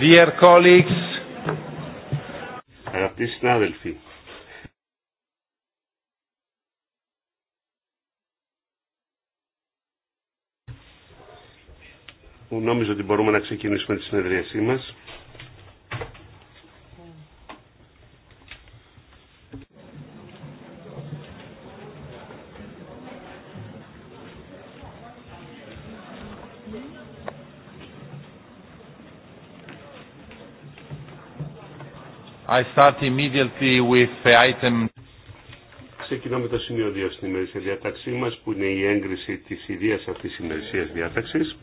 Dear colleagues, αγαπητοί συνάδελφοι, νόμιζα ότι μπορούμε να ξεκινήσουμε τη συνεδρίασή μας. I Ξεκινώ με το σημείο 2 στην ημερήσια διάταξή μας που είναι η έγκριση της ιδίας αυτής της ημερησίας διάταξης.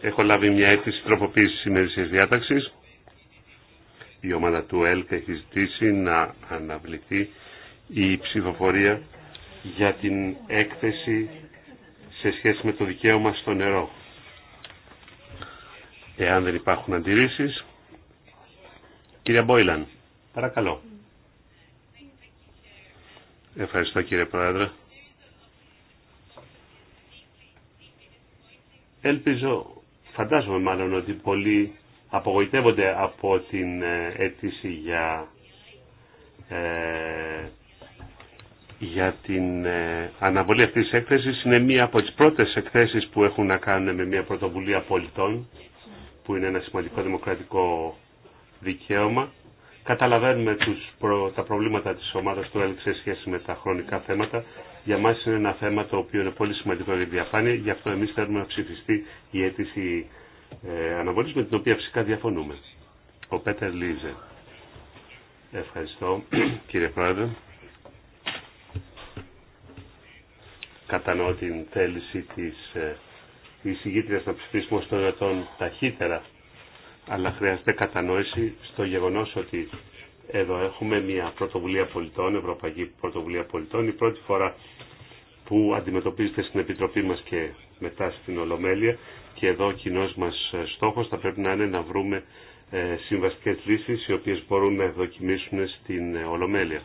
Έχω λάβει μια αίτηση τροποποίηση της ημερησίας διάταξης. Η ομάδα του ΕΛΚ έχει ζητήσει να αναβληθεί η ψηφοφορία για την έκθεση σε σχέση με το δικαίωμα στο νερό. Εάν δεν υπάρχουν αντιρρήσεις, Κύριε Μπόιλαν, παρακαλώ. Ευχαριστώ κύριε Πρόεδρε. Ελπίζω, φαντάζομαι μάλλον ότι πολλοί απογοητεύονται από την ε, αίτηση για ε, για την ε, αναβολή αυτής της έκθεσης είναι μία από τις πρώτες εκθέσεις που έχουν να κάνουν με μία πρωτοβουλία πολιτών που είναι ένα σημαντικό δημοκρατικό δικαίωμα. Καταλαβαίνουμε τους τα προβλήματα της ομάδας του ΕΛΚ σε σχέση με τα χρονικά θέματα. Για μας είναι ένα θέμα το οποίο είναι πολύ σημαντικό για τη διαφάνεια. Γι' αυτό εμείς θέλουμε να ψηφιστεί η αίτηση ε, αναβολής με την οποία φυσικά διαφωνούμε. Ο Πέτερ Λίζε. Ευχαριστώ κύριε Πρόεδρε. κατανοώ την θέληση της ε, εισηγήτριας να ψηφίσουμε στο στον ταχύτερα, αλλά χρειάζεται κατανόηση στο γεγονός ότι εδώ έχουμε μια πρωτοβουλία πολιτών, Ευρωπαϊκή Πρωτοβουλία Πολιτών, η πρώτη φορά που αντιμετωπίζεται στην Επιτροπή μας και μετά στην Ολομέλεια και εδώ ο κοινό μας ε, στόχος θα πρέπει να είναι να βρούμε ε, συμβαστικές λύσεις οι οποίες μπορούν να δοκιμήσουν στην Ολομέλεια.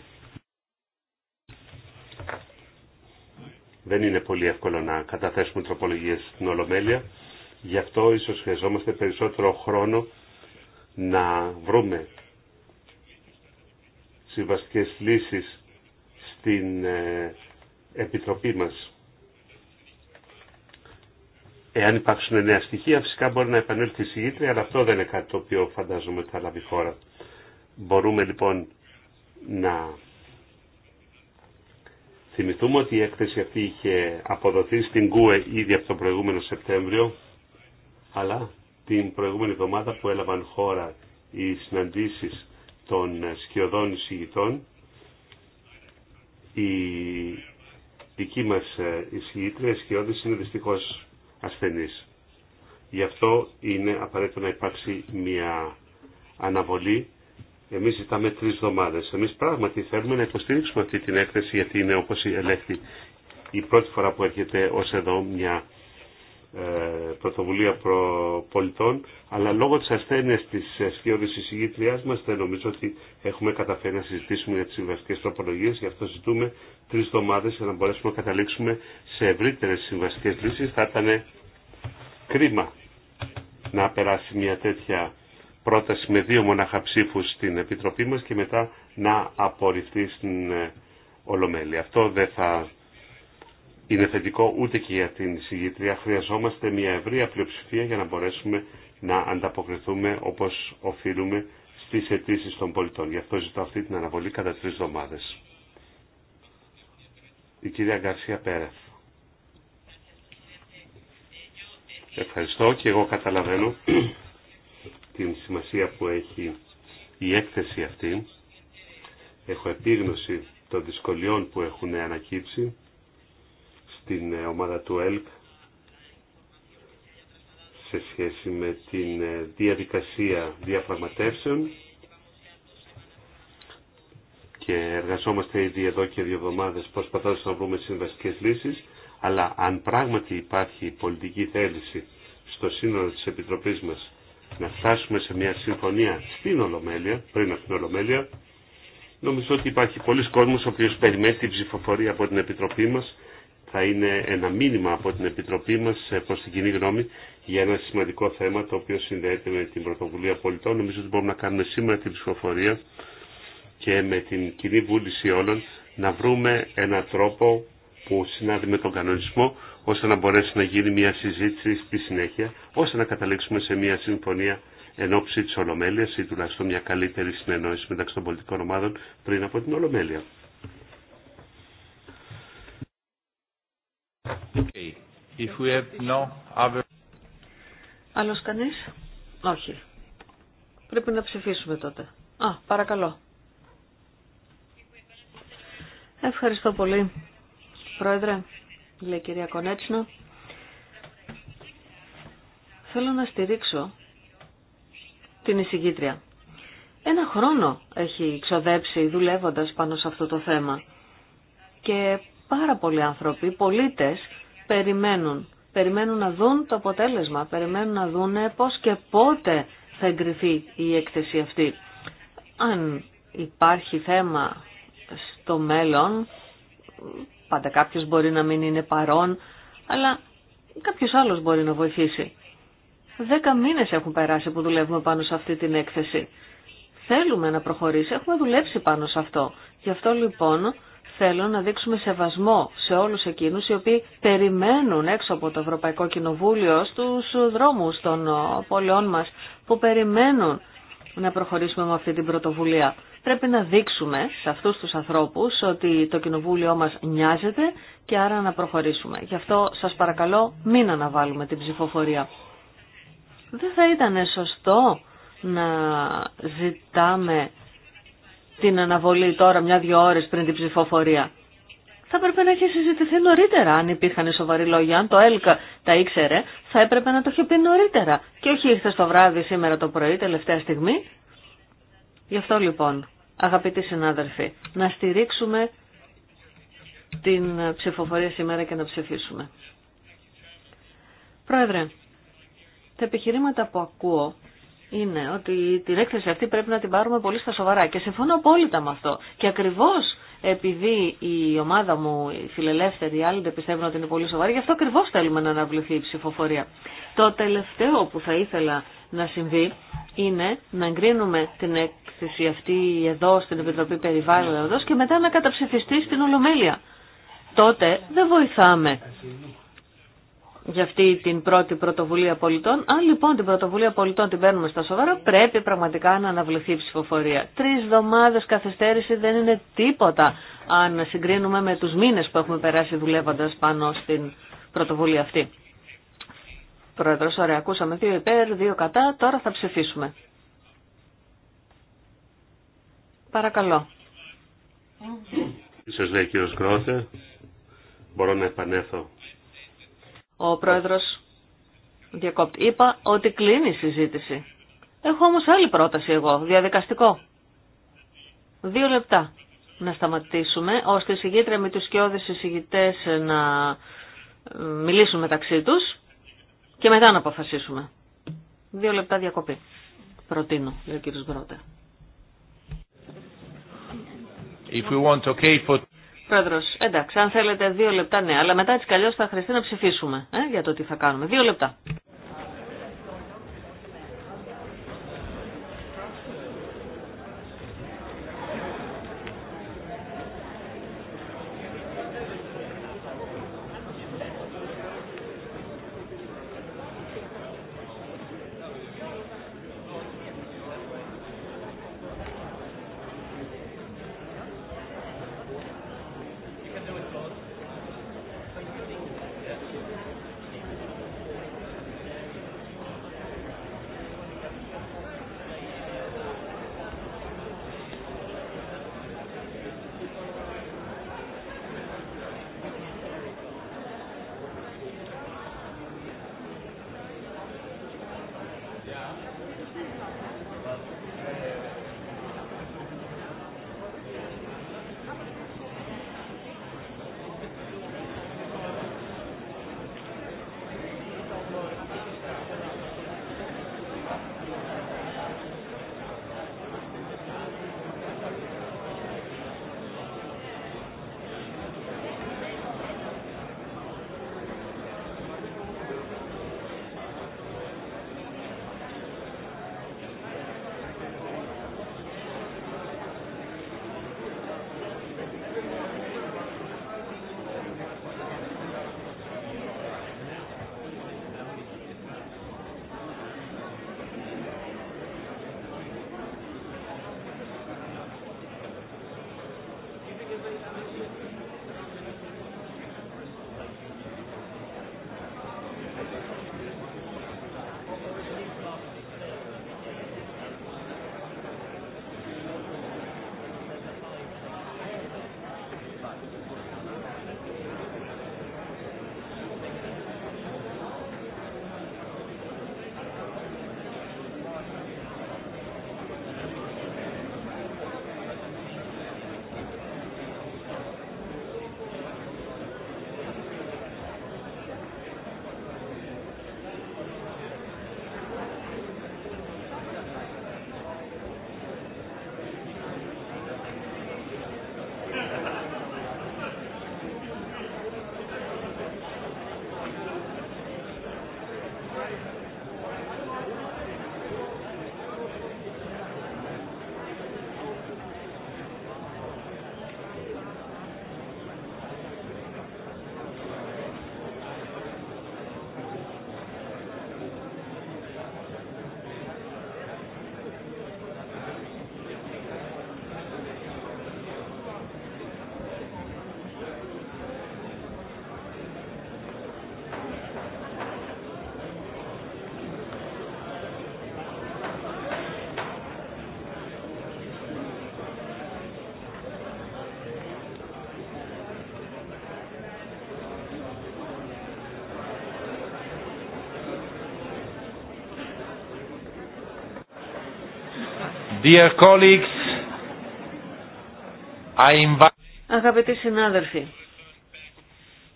δεν είναι πολύ εύκολο να καταθέσουμε τροπολογίες στην Ολομέλεια. Γι' αυτό ίσως χρειαζόμαστε περισσότερο χρόνο να βρούμε συμβαστικές λύσεις στην ε, Επιτροπή μας. Εάν υπάρξουν νέα στοιχεία, φυσικά μπορεί να επανέλθει η συγγήτρια, αλλά αυτό δεν είναι κάτι το οποίο φαντάζομαι θα λάβει χώρα. Μπορούμε λοιπόν να Θυμηθούμε ότι η έκθεση αυτή είχε αποδοθεί στην ΚΟΕ ήδη από τον προηγούμενο Σεπτέμβριο, αλλά την προηγούμενη εβδομάδα που έλαβαν χώρα οι συναντήσεις των σκιωδών εισηγητών, η δική μας εισηγήτρια, σκιώδης, είναι δυστυχώς ασθενής. Γι' αυτό είναι απαραίτητο να υπάρξει μια αναβολή Εμεί ζητάμε τρει εβδομάδε. Εμεί πράγματι θέλουμε να υποστηρίξουμε αυτή την έκθεση γιατί είναι όπως ελέγχθη η πρώτη φορά που έρχεται ω εδώ μια ε, πρωτοβουλία προ πολιτών, αλλά λόγω τη ασθένεια τη ε, σκιώδη εισηγήτριά μα δεν νομίζω ότι έχουμε καταφέρει να συζητήσουμε για τι συμβαστικέ τροπολογίε γι' αυτό ζητούμε τρει εβδομάδε για να μπορέσουμε να καταλήξουμε σε ευρύτερε συμβαστικέ λύσει Θα ήταν κρίμα να περάσει μια τέτοια πρόταση με δύο μονάχα στην Επιτροπή μας και μετά να απορριφθεί στην ε, Ολομέλη. Αυτό δεν θα είναι θετικό ούτε και για την συγγητρία. Χρειαζόμαστε μια ευρία πλειοψηφία για να μπορέσουμε να ανταποκριθούμε όπως οφείλουμε στις αιτήσει των πολιτών. Γι' αυτό ζητώ αυτή την αναβολή κατά τρεις εβδομάδες. Η κυρία Γκαρσία Πέρεθ. Ευχαριστώ και εγώ καταλαβαίνω την σημασία που έχει η έκθεση αυτή. Έχω επίγνωση των δυσκολιών που έχουν ανακύψει στην ε, ομάδα του ΕΛΚ σε σχέση με την ε, διαδικασία διαπραγματεύσεων και εργαζόμαστε ήδη εδώ και δύο εβδομάδες προσπαθώντας να βρούμε συμβαστικές λύσεις αλλά αν πράγματι υπάρχει πολιτική θέληση στο σύνολο της Επιτροπής μας να φτάσουμε σε μια συμφωνία στην Ολομέλεια, πριν από την Ολομέλεια. Νομίζω ότι υπάρχει πολλοί κόσμος ο οποίος περιμένει την ψηφοφορία από την Επιτροπή μας. Θα είναι ένα μήνυμα από την Επιτροπή μας προς την κοινή γνώμη για ένα σημαντικό θέμα το οποίο συνδέεται με την πρωτοβουλία πολιτών. Νομίζω ότι μπορούμε να κάνουμε σήμερα την ψηφοφορία και με την κοινή βούληση όλων να βρούμε ένα τρόπο που συνάδει με τον κανονισμό ώστε να μπορέσει να γίνει μια συζήτηση στη συνέχεια, ώστε να καταλήξουμε σε μια συμφωνία εν ώψη της Ολομέλειας ή τουλάχιστον μια καλύτερη συνεννόηση μεταξύ των πολιτικών ομάδων πριν από την Ολομέλεια. Okay. κανεί. Όχι. Πρέπει να ψηφίσουμε τότε. Α, παρακαλώ. Ευχαριστώ πολύ. Πρόεδρε, λέει η κυρία Κονέτσνο. Θέλω να στηρίξω την εισηγήτρια. Ένα χρόνο έχει ξοδέψει δουλεύοντας πάνω σε αυτό το θέμα και πάρα πολλοί άνθρωποι, πολίτες, περιμένουν. Περιμένουν να δουν το αποτέλεσμα, περιμένουν να δουν πώς και πότε θα εγκριθεί η έκθεση αυτή. Αν υπάρχει θέμα στο μέλλον, Πάντα κάποιος μπορεί να μην είναι παρόν, αλλά κάποιος άλλος μπορεί να βοηθήσει. Δέκα μήνες έχουν περάσει που δουλεύουμε πάνω σε αυτή την έκθεση. Θέλουμε να προχωρήσει, έχουμε δουλέψει πάνω σε αυτό. Γι' αυτό λοιπόν θέλω να δείξουμε σεβασμό σε όλους εκείνους οι οποίοι περιμένουν έξω από το Ευρωπαϊκό Κοινοβούλιο στους δρόμους των ε, πολεών μας που περιμένουν να προχωρήσουμε με αυτή την πρωτοβουλία πρέπει να δείξουμε σε αυτούς τους ανθρώπους ότι το κοινοβούλιο μας νοιάζεται και άρα να προχωρήσουμε. Γι' αυτό σας παρακαλώ μην αναβάλουμε την ψηφοφορία. Δεν θα ήταν σωστό να ζητάμε την αναβολή τώρα μια-δυο ώρες πριν την ψηφοφορία. Θα έπρεπε να έχει συζητηθεί νωρίτερα αν υπήρχαν σοβαροί λόγοι. Αν το ΕΛΚΑ τα ήξερε, θα έπρεπε να το είχε πει νωρίτερα. Και όχι ήρθε στο βράδυ σήμερα το πρωί, τελευταία στιγμή. Γι' αυτό λοιπόν Αγαπητοί συνάδελφοι, να στηρίξουμε την ψηφοφορία σήμερα και να ψηφίσουμε. Πρόεδρε, τα επιχειρήματα που ακούω είναι ότι την έκθεση αυτή πρέπει να την πάρουμε πολύ στα σοβαρά και συμφωνώ απόλυτα με αυτό. Και ακριβώς επειδή η ομάδα μου, οι φιλελεύθεροι, οι άλλοι δεν πιστεύουν ότι είναι πολύ σοβαρή, γι' αυτό ακριβώς θέλουμε να αναβληθεί η ψηφοφορία. Το τελευταίο που θα ήθελα να συμβεί είναι να εγκρίνουμε την έκθεση αυτή εδώ στην Επιτροπή Περιβάλλοντος και μετά να καταψηφιστεί στην Ολομέλεια. Τότε δεν βοηθάμε για αυτή την πρώτη πρωτοβουλία πολιτών. Αν λοιπόν την πρωτοβουλία πολιτών την παίρνουμε στα σοβαρά, πρέπει πραγματικά να αναβληθεί η ψηφοφορία. Τρει εβδομάδε καθυστέρηση δεν είναι τίποτα αν συγκρίνουμε με του μήνε που έχουμε περάσει δουλεύοντα πάνω στην πρωτοβουλία αυτή. Πρόεδρος, ωραία, ακούσαμε δύο υπέρ, δύο κατά, τώρα θα ψηφίσουμε. Παρακαλώ. Ίσως λέει κύριο κύριος Μπορώ να επανέλθω. Ο πρόεδρος διακόπτει. Είπα ότι κλείνει η συζήτηση. Έχω όμως άλλη πρόταση εγώ, διαδικαστικό. Δύο λεπτά να σταματήσουμε, ώστε οι συγγήτρια με τους σκιώδες να ε, μιλήσουν μεταξύ τους και μετά να αποφασίσουμε. Δύο λεπτά διακοπή. Προτείνω, λέει ο κύριος Γκρότε. If we want Πρόεδρος, εντάξει, αν θέλετε δύο λεπτά, ναι, αλλά μετά έτσι καλώς θα χρειαστεί να ψηφίσουμε ε, για το τι θα κάνουμε. Δύο λεπτά. Dear colleagues, Αγαπητοί συνάδελφοι,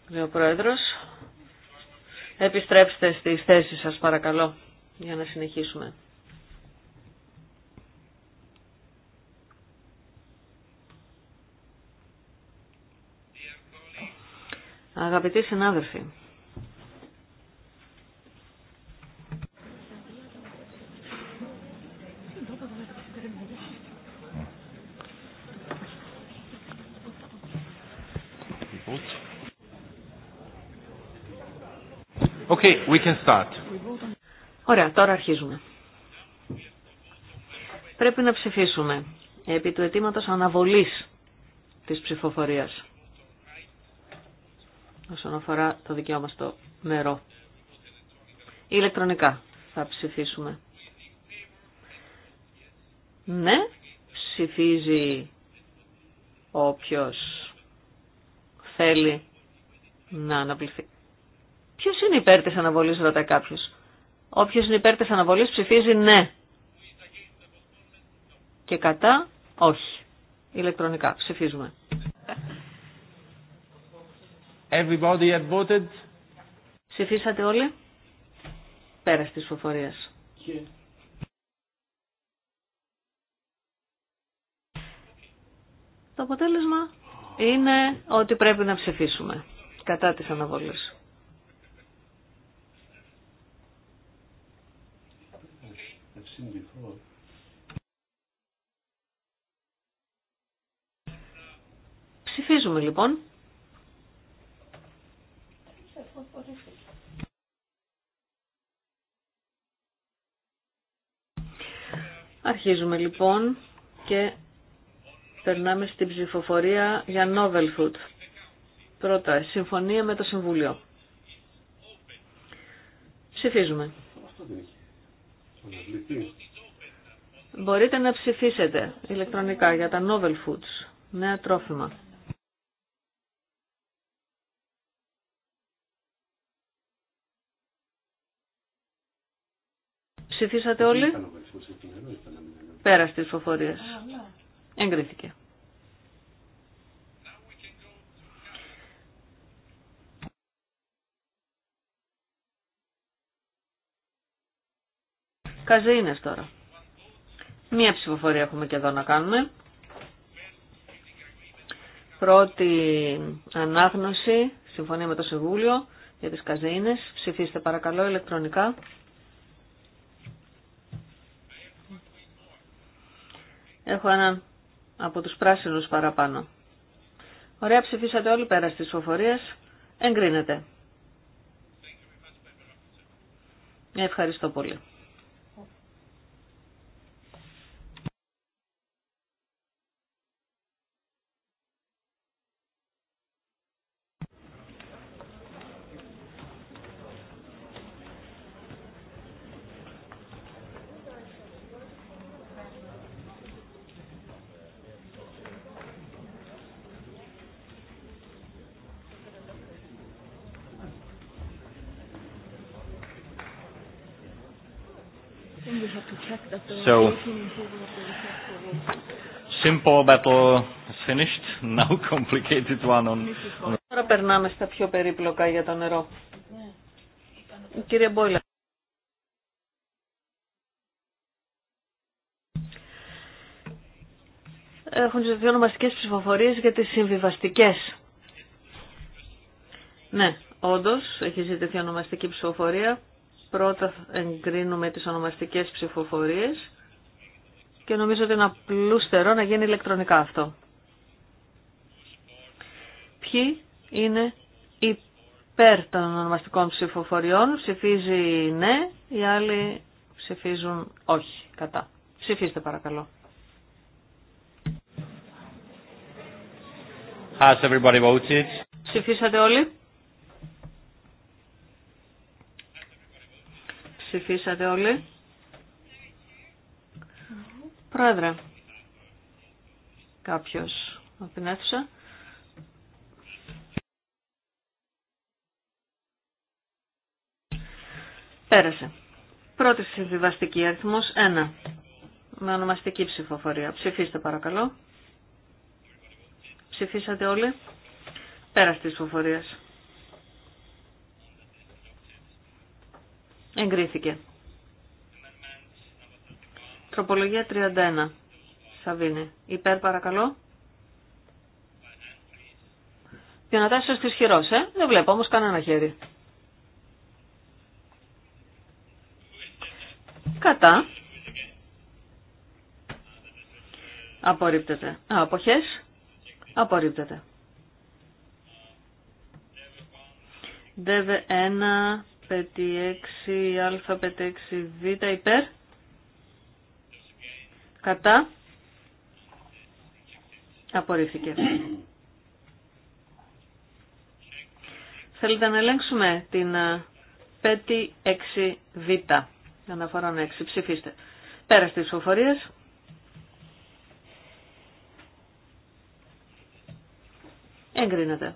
λέει ο Πρόεδρος, επιστρέψτε στις θέσεις σας παρακαλώ για να συνεχίσουμε. Αγαπητοί συνάδελφοι, Okay, we can Ωραία, τώρα αρχίζουμε. Πρέπει να ψηφίσουμε επί του αιτήματο αναβολής της ψηφοφορίας όσον αφορά το δικαίωμα στο νερό. Ηλεκτρονικά θα ψηφίσουμε. Ναι, ψηφίζει όποιος θέλει να αναπληθεί είναι υπέρ τη αναβολής, ρωτάει κάποιο. Όποιος είναι υπέρ τη αναβολής ψηφίζει ναι. Και κατά, όχι. Ηλεκτρονικά ψηφίζουμε. Everybody had voted. Ψηφίσατε όλοι. Πέρα τη ψηφοφορία. Το αποτέλεσμα είναι ότι πρέπει να ψηφίσουμε κατά της αναβολής. Ψηφίζουμε λοιπόν. Αρχίζουμε λοιπόν και περνάμε στην ψηφοφορία για novel food. Πρώτα, συμφωνία με το Συμβούλιο. Ψηφίζουμε. Μπορείτε να ψηφίσετε ηλεκτρονικά για τα novel foods, νέα τρόφιμα. Ψηφίσατε όλοι. Πέρα στις φοφορίες ναι. Εγκρίθηκε. Καζίνες τώρα. Μία ψηφοφορία έχουμε και εδώ να κάνουμε. Πρώτη ανάγνωση, συμφωνία με το Συμβούλιο για τις καζίνες. Ψηφίστε παρακαλώ ηλεκτρονικά. Έχω έναν από τους πράσινους παραπάνω. Ωραία, ψηφίσατε όλοι πέρα στις ψηφοφορίες. Εγκρίνεται. Ευχαριστώ πολύ. So, simple battle is finished. complicated one on. Τώρα περνάμε στα πιο περίπλοκα για το νερό. Ναι. Κύριε Μπόιλα. Έχουν ζητηθεί ονομαστικέ ψηφοφορίε για τι συμβιβαστικέ. Ναι, όντω έχει ζητηθεί ονομαστική ψηφοφορία. Πρώτα εγκρίνουμε τις ονομαστικές ψηφοφορίες και νομίζω ότι είναι απλούστερο να γίνει ηλεκτρονικά αυτό. Ποιοι είναι υπέρ των ονομαστικών ψηφοφοριών, ψηφίζει ναι, οι άλλοι ψηφίζουν όχι, κατά. Ψηφίστε παρακαλώ. Has everybody voted? Ψηφίσατε όλοι. Ψηφίσατε όλοι. Πρόεδρε, κάποιος από την αίθουσα. Πέρασε. Πρώτη συμβιβαστική αριθμός 1. Με ονομαστική ψηφοφορία. Ψηφίστε παρακαλώ. Ψηφίσατε όλοι. Πέρασε τη ψηφοφορία. Εγκρίθηκε. Τροπολογία 31. Σαβίνη. Υπέρ παρακαλώ. Διανατάσσεως της χειρός, ε. Δεν βλέπω όμως κανένα χέρι. Κατά. Απορρίπτεται. αποχές. Απορρίπτεται. ΔΕΒΕ 1 6. α 6 υπέρ. Κατά. Απορρίφθηκε. Θέλετε να ελέγξουμε την 5-6-β. Αναφορά 6. Ψηφίστε. Πέρα στις ψηφοφορίες. Εγκρίνεται.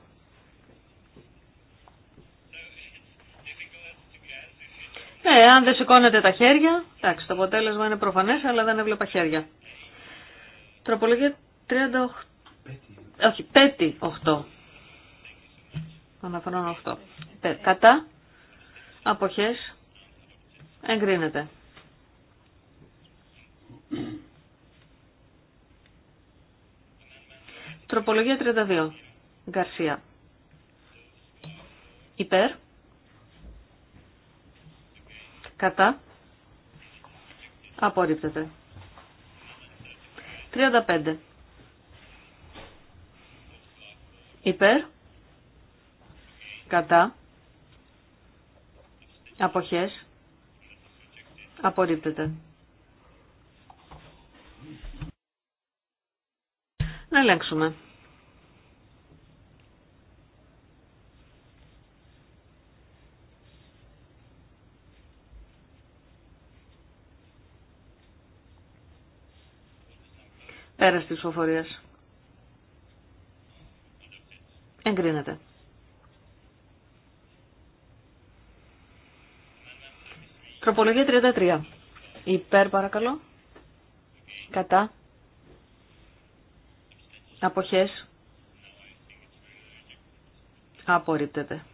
Ναι, αν δεν σηκώνετε τα χέρια, εντάξει, το αποτέλεσμα είναι προφανές, αλλά δεν έβλεπα χέρια. Τροπολογία 38, όχι, πέτη 8. Αναφερόν 8. Κατά, αποχές, εγκρίνεται. Τροπολογία 32. Γκαρσία. Υπέρ. Κατά. Απορρίπτεται. 35. Υπέρ. Κατά. Αποχές. Απορρίπτεται. Να ελέγξουμε. Πέρα τη ψηφοφορία. Εγκρίνεται. Τροπολογία 33. Υπέρ παρακαλώ. Κατά. Αποχές. Απορρίπτεται.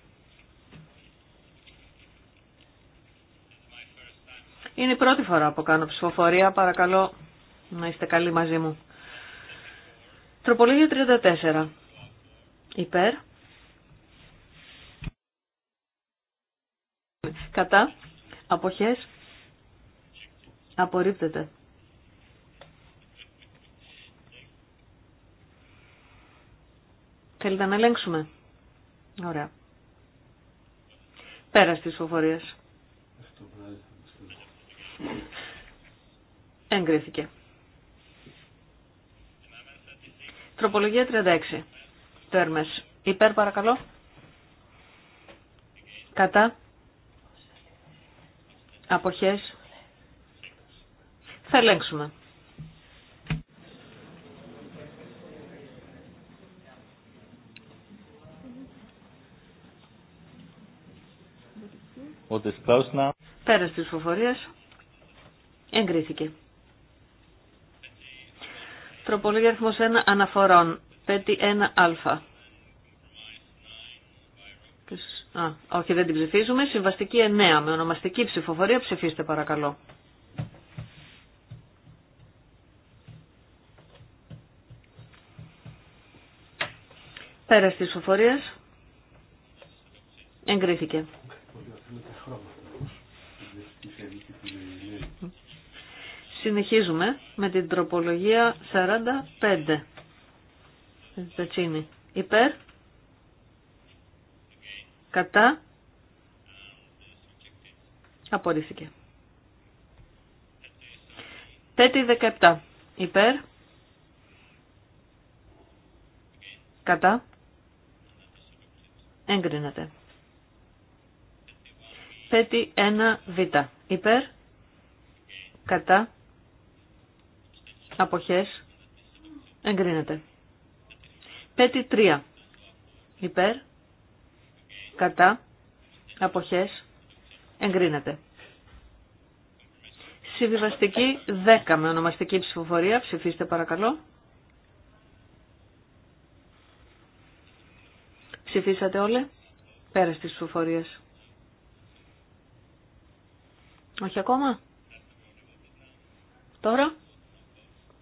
Είναι η πρώτη φορά που κάνω ψηφοφορία. Παρακαλώ να είστε καλοί μαζί μου. Τροπολογία 34. Υπέρ. Κατά. Αποχές. Απορρίπτεται. Θέλετε να ελέγξουμε. Ωραία. Πέρα στις φοφορίες. Εγκρίθηκε. Τροπολογία 36. Τέρμε. Υπέρ παρακαλώ. Κατά. Αποχέ. Θα ελέγξουμε. Πέρα τη φοφορία. εγκρίθηκε. Τροπολογία αριθμός 1 αναφορών. 51α. Α, όχι, δεν την ψηφίζουμε. Συμβαστική 9 με ονομαστική ψηφοφορία. Ψηφίστε παρακαλώ. Πέρα τη ψηφοφορία. Εγκρίθηκε. Συνεχίζουμε με την τροπολογία 45. Τατσίνη. Υπέρ. Κατά. Απορρίφθηκε. Τέτη 17. Υπέρ. Κατά. Έγκρινατε. Τέτη 1 β. Υπέρ. Κατά. Αποχές. Πέτη 5-3. Υπέρ. Κατά. Αποχές. Εγκρίνεται. Συμβιβαστική 10 με ονομαστική ψηφοφορία. Ψηφίστε παρακαλώ. Ψηφίσατε όλοι. Πέρα τη ψηφοφορίες. Όχι ακόμα. Τώρα.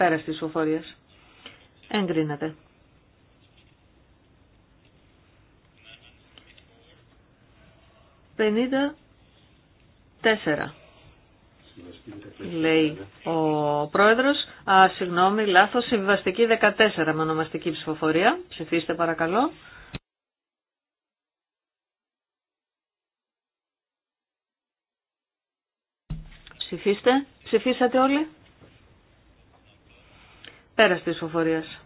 Πέρα τη ψηφοφορία. Εγκρίνεται. 54. Λέει ο πρόεδρος. Α, συγγνώμη, λάθος. Συμβιβαστική 14 με ονομαστική ψηφοφορία. Ψηφίστε παρακαλώ. Ψηφίστε. Ψηφίσατε όλοι. Πέρας της φοφορίας.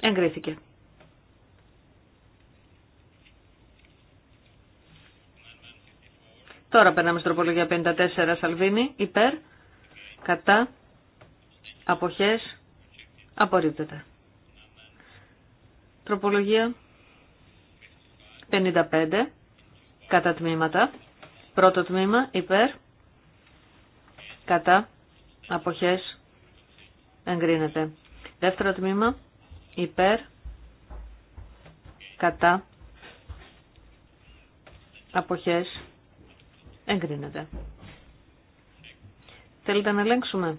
Εγκρίθηκε. Τώρα περνάμε στην τροπολογία 54 Σαλβίνη, υπέρ, κατά, αποχές, απορρίπτεται. Τροπολογία 55, κατά τμήματα, πρώτο τμήμα, υπέρ, κατά, αποχές, εγκρίνεται. Δεύτερο τμήμα υπέρ κατά αποχές εγκρίνεται. Θέλετε να ελέγξουμε.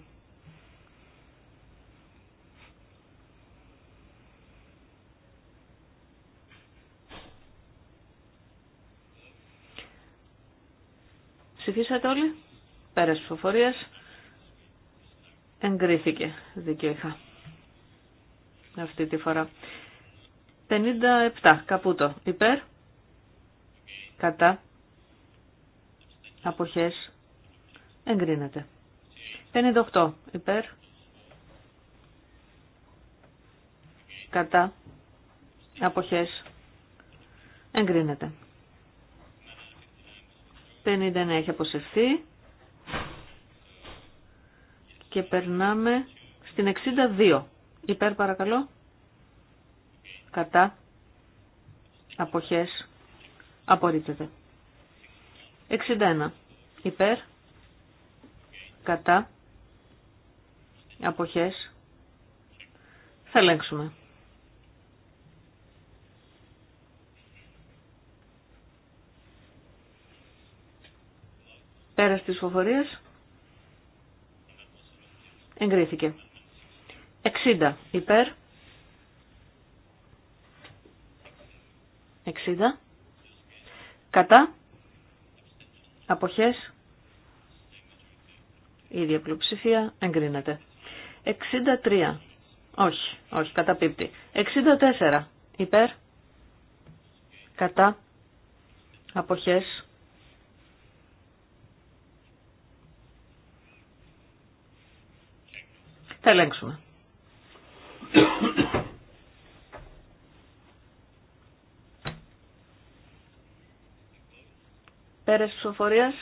Ψηφίσατε όλοι. Πέρας ψηφοφορίας. Εγκρίθηκε δικαιωχά. Αυτή τη φορά. 57. Καπούτο. Υπέρ. Κατά. Αποχές. Εγκρίνεται. 58. Υπέρ. Κατά. Αποχές. Εγκρίνεται. 59 έχει αποσυρθεί. Και περνάμε στην 62. Υπέρ παρακαλώ. Κατά. Αποχές. Απορρίπτεται. 61. Υπέρ. Κατά. Αποχές. Θα ελέγξουμε. Πέρας της φοφορίες. Εγκρίθηκε. 60 υπέρ. 60. Κατά. Αποχές. Η ίδια πλειοψηφία 63. Όχι, όχι, καταπίπτει. 64. Υπέρ. Κατά. Αποχές. Θα ελέγξουμε. Πέρας ψηφοφορίας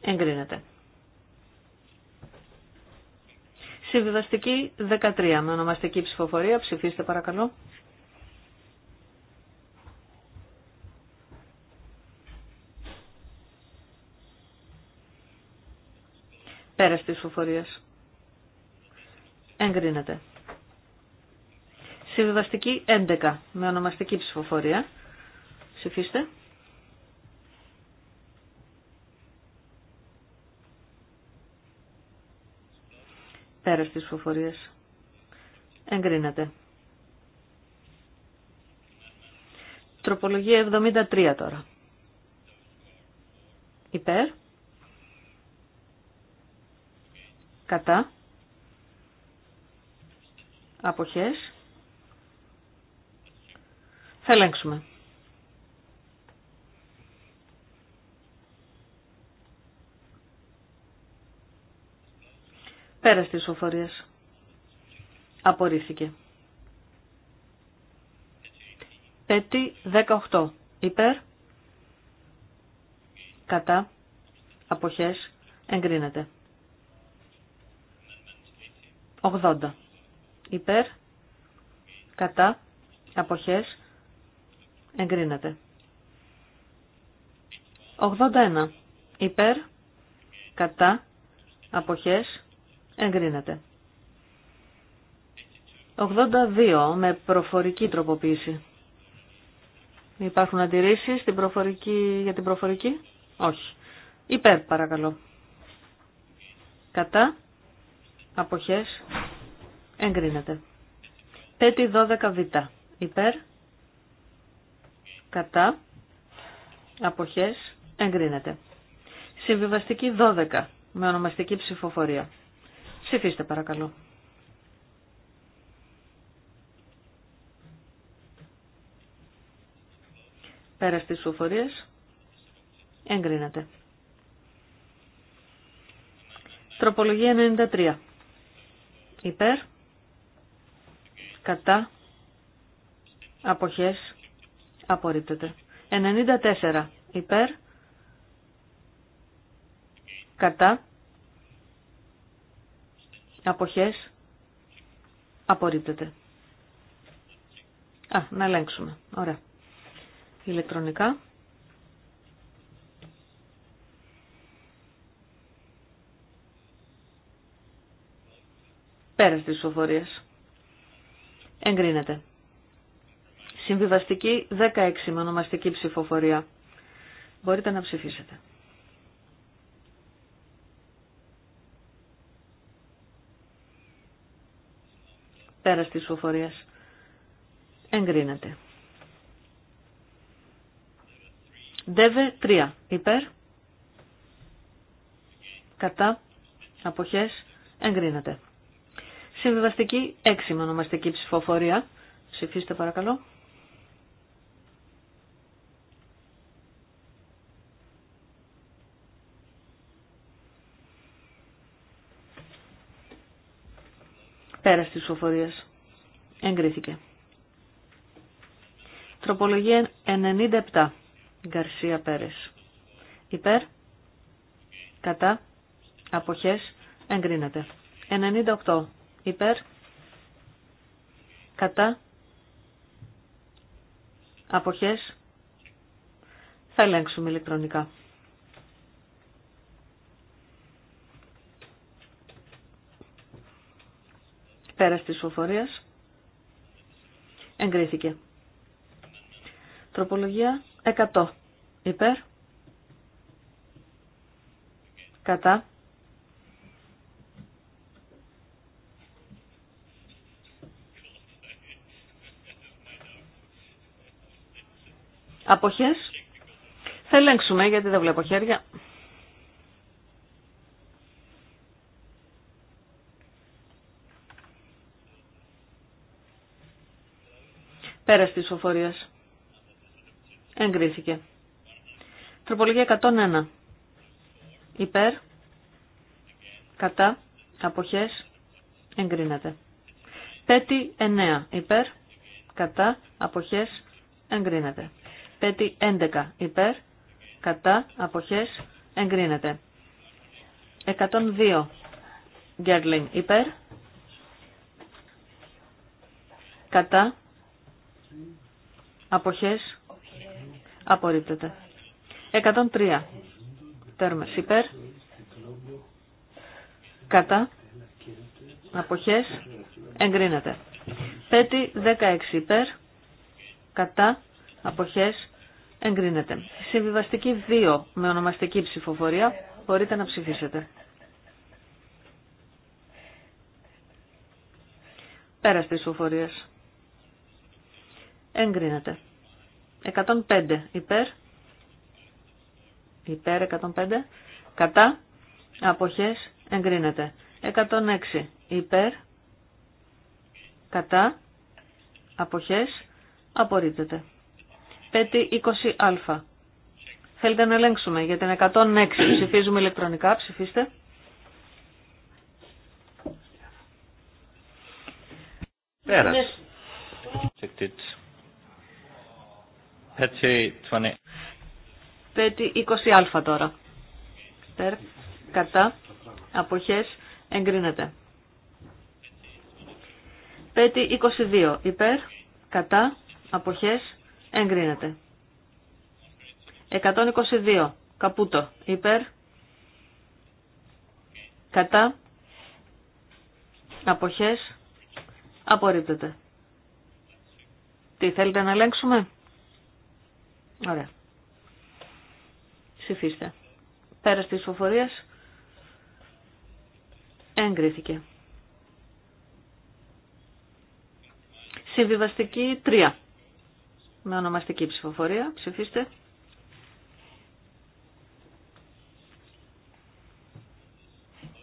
εγκρίνεται. Συμβιβαστική 13 με ονομαστική ψηφοφορία. Ψηφίστε παρακαλώ. Πέρας της ψηφοφορίας. Εγκρίνεται. Συμβιβαστική 11 με ονομαστική ψηφοφορία. Ψηφίστε. Πέρας της ψηφοφορίας. Εγκρίνεται. Τροπολογία 73 τώρα. Υπέρ. κατά, αποχές, θα ελέγξουμε. Πέρα στις οφορίας. Απορρίφθηκε. Πέτη 18. Υπέρ. Κατά. Αποχές. Εγκρίνεται. 80. Υπέρ, κατά, αποχές, εγκρίνεται. 81. Υπέρ, κατά, αποχές, εγκρίνεται. 82. Με προφορική τροποποίηση. Υπάρχουν αντιρρήσεις στην προφορική, για την προφορική. Όχι. Υπέρ παρακαλώ. Κατά αποχές εγκρίνεται. 5η 12 β. Υπέρ, κατά, αποχές εγκρίνεται. Συμβιβαστική 12 με ονομαστική ψηφοφορία. Ψηφίστε παρακαλώ. Πέρα στις ψηφοφορίες εγκρίνεται. Τροπολογία 93 υπέρ, κατά, αποχές, απορρίπτεται. 94 υπέρ, κατά, αποχές, απορρίπτεται. Α, να ελέγξουμε. Ωραία. Ηλεκτρονικά. Πέρας της ψηφοφορίας. Εγκρίνεται. Συμβιβαστική 16 με ονομαστική ψηφοφορία. Μπορείτε να ψηφίσετε. Πέρας της ψηφοφορίας. Εγκρίνεται. Δεβε 3. Υπέρ. Κατά. Αποχές. Εγκρίνεται. Συμβιβαστική έξι μονομαστική ονομαστική ψηφοφορία. Ψηφίστε παρακαλώ. Πέρας της ψηφοφορίας. Εγκρίθηκε. Τροπολογία 97. Γκαρσία Πέρες. Υπέρ. Κατά. Αποχές. Εγκρίνεται. 98 υπέρ, κατά, αποχές, θα ελέγξουμε ηλεκτρονικά. Πέρας της ψηφοφορίας, εγκρίθηκε. Τροπολογία 100, υπέρ, κατά, Αποχές. Θα ελέγξουμε γιατί δεν βλέπω χέρια. Πέρας της ψηφοφορίας. Εγκρίθηκε. Τροπολογία 101. Υπέρ. Κατά. Αποχές. Εγκρίνεται. Πέτη 9. Υπέρ. Κατά. Αποχές. Εγκρίνεται. Πέτει 11 υπέρ, κατά, αποχές, εγκρίνεται. 102 Γκέρλιν υπέρ, κατά, αποχές, απορρίπτεται. 103 Τέρμες υπέρ, κατά, αποχές, εγκρίνεται. Πέτει 16 υπέρ, κατά, αποχές εγκρίνεται. Συμβιβαστική 2 με ονομαστική ψηφοφορία μπορείτε να ψηφίσετε. Πέρας της ψηφοφορίας. Εγκρίνεται. 105 υπέρ. Υπέρ 105. Κατά. Αποχές εγκρίνεται. 106 υπέρ. Κατά. Αποχές απορρίπτεται πετη 20α. Θέλετε να ελέγξουμε για την 106. Ψηφίζουμε ηλεκτρονικά. Ψηφίστε. Πέρας. Πέτη 20α τώρα. Περ, κατά, αποχές, εγκρίνεται. Πέτη 22. Υπέρ, κατά, αποχές, Εγκρίνεται. 122. Καπούτο. Υπέρ. Κατά. Αποχές. Απορρίπτεται. Τι θέλετε να ελέγξουμε. Ωραία. Ψηφίστε. Πέρα της ψηφοφορίας. Εγκρίθηκε. Συμβιβαστική 3 με ονομαστική ψηφοφορία. Ψηφίστε.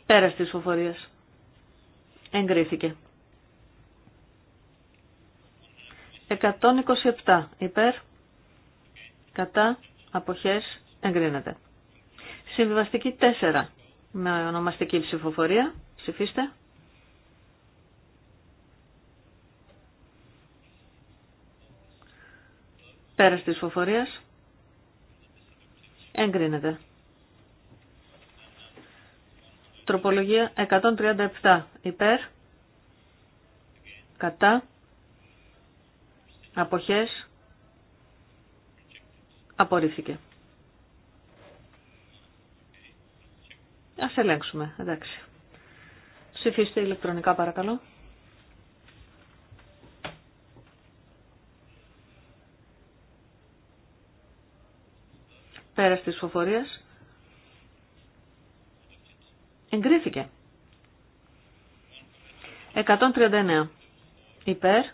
Πέρασε τη ψηφοφορία. Εγκρίθηκε. 127 υπέρ, κατά, αποχές, εγκρίνεται. Συμβιβαστική 4 με ονομαστική ψηφοφορία. Ψηφίστε. Πέρας της φοφορίας, Εγκρίνεται. Τροπολογία 137. Υπέρ. Κατά. Αποχές. Απορρίφθηκε. Ας ελέγξουμε. Εντάξει. Ψηφίστε ηλεκτρονικά παρακαλώ. Πέρας της φοφορίας Εγκρίθηκε. 139. Υπέρ.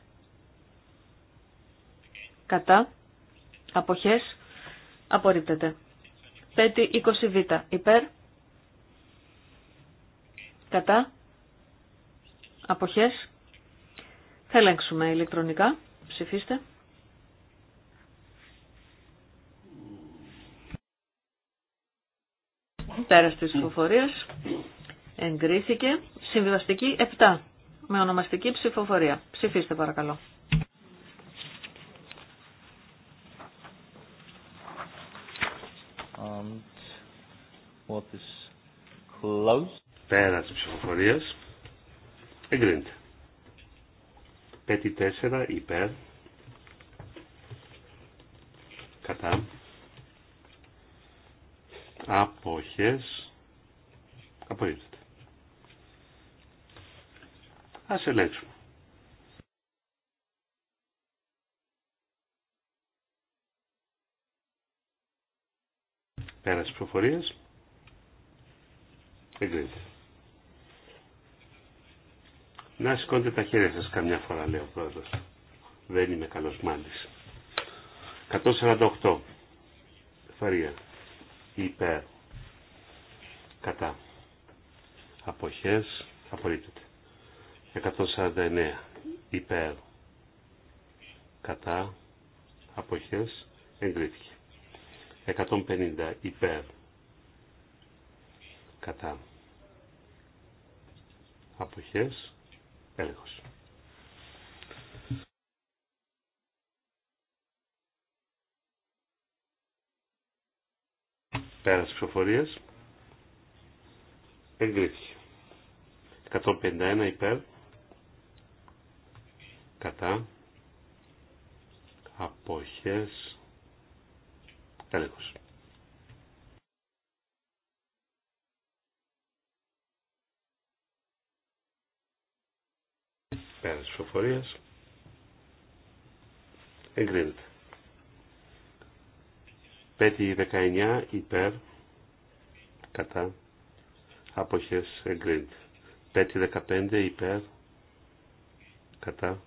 Κατά. Αποχές. Απορρίπτεται. 5 20β. Υπέρ. Κατά. Αποχές. Θα ελέγξουμε ηλεκτρονικά. Ψηφίστε. Πέρας της ψηφοφορίας εγκρίθηκε συμβιβαστική 7 με ονομαστική ψηφοφορία. Ψηφίστε παρακαλώ. And what is close. Πέρα της ψηφοφορίας εγκρίνεται. 5-4 υπέρ κατά αποχές απορρίπτεται. Ας ελέγξουμε. Πέρας προφορίες. εγκρίνεται. Να σηκώνετε τα χέρια σας καμιά φορά, λέει ο πρόεδρος. Δεν είμαι καλός μάντης. 148. Φαρία υπέρ κατά αποχές απορρίπτεται 149 υπέρ κατά αποχές εγκρίθηκε 150 υπέρ κατά αποχές έλεγχος Πέρα της ψηφοφορίες, Εγκρίθηκε. 151 υπέρ. Κατά. Αποχές. Έλεγχος. Πέρα της ψηφοφορίες, Εγκρίνεται. Πέτει 19 υπέρ κατά αποχές εγκρίνεται. Πέτει 15 υπέρ κατά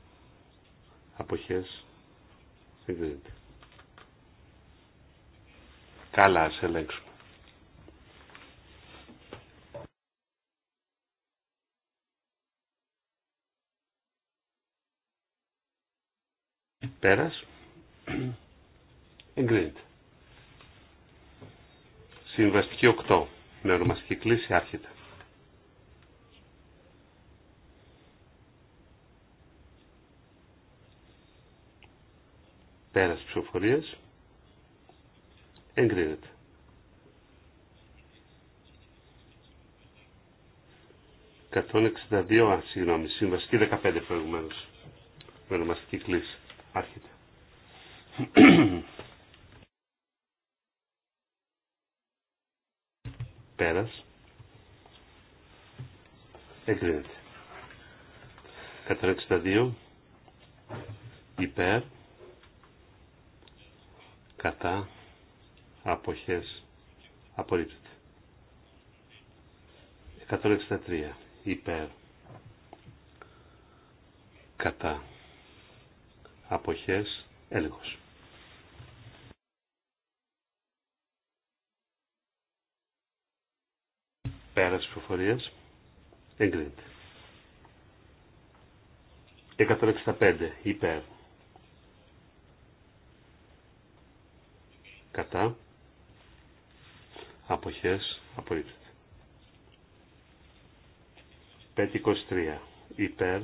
αποχές εγκρίνεται. Καλά, ας ελέγξουμε. Πέρας. Εγκρίνεται. Συμβαστική 8. Με ναι, ονομαστική κλίση άρχεται. Πέρας ψηφοφορίες. Εγκρίνεται. ...162, α, συγγνώμη, συμβαστική 15 προηγουμένως. Με ονομαστική κλίση. Άρχεται. Πέρας. Εγκρίνεται. 162. Υπέρ. Κατά. Αποχές. Απορρίπτεται. 163. Υπέρ. Κατά. Αποχές. Έλεγχος. Πέρα τη ψηφοφορία. Εγκρίνεται. 165 υπέρ. Κατά. Αποχές. Απορρίπτεται. 523 υπέρ.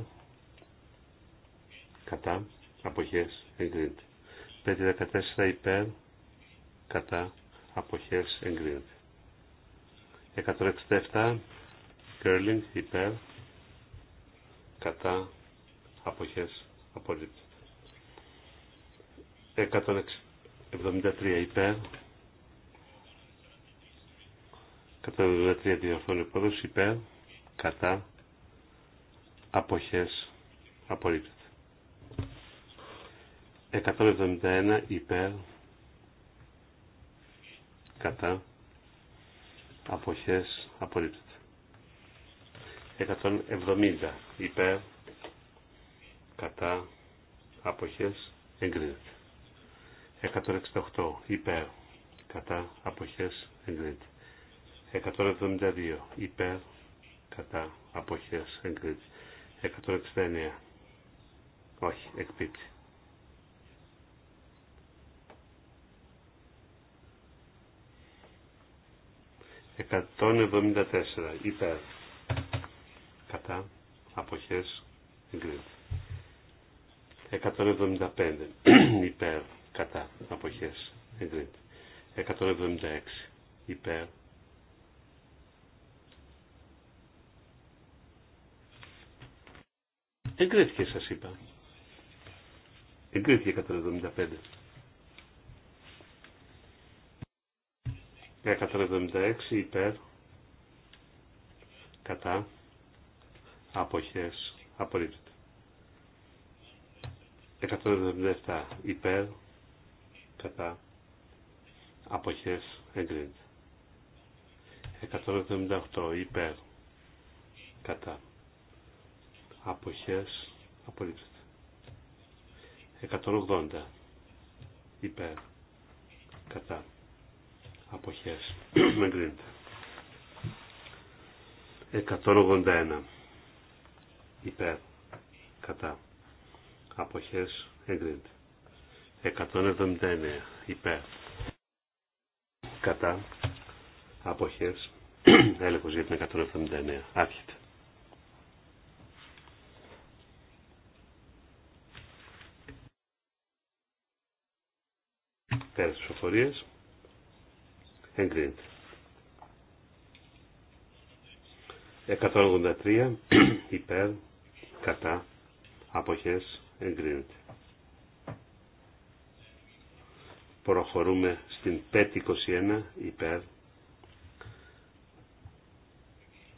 Κατά. Αποχές. Εγκρίνεται. 514 υπέρ. Κατά. Αποχές. Εγκρίνεται. 167 Curling υπέρ κατά αποχές απολύτω 173 υπέρ 173 διορθώνει πρόεδρος υπέρ κατά αποχές απορρίπτεται 171 υπέρ κατά αποχές απορρίπτεται. 170 υπέρ κατά αποχές εγκρίνεται. 168 υπέρ κατά αποχές εγκρίνεται. 172 υπέρ κατά αποχές εγκρίνεται. 169 όχι εκπίπτει. 174 υπέρ κατά αποχές εγκρίνεται 175 υπέρ κατά αποχές εγκρίνεται 176 υπέρ εγκρίθηκε σας είπα εγκρίθηκε 175 176 υπέρ κατά αποχές απορρίπτεται. 177 υπέρ κατά αποχές εγκρίνεται. 178 υπέρ κατά αποχές απορρίπτεται. 180 υπέρ κατά αποχές εγκρίνεται 181 υπέρ κατά αποχές εγκρίνεται 179 υπέρ κατά αποχές έλεγχος για την 179 άρχεται πέρα στις οφορίες εγκρίνεται. 183 υπέρ κατά αποχές εγκρίνεται. Προχωρούμε στην 521 υπέρ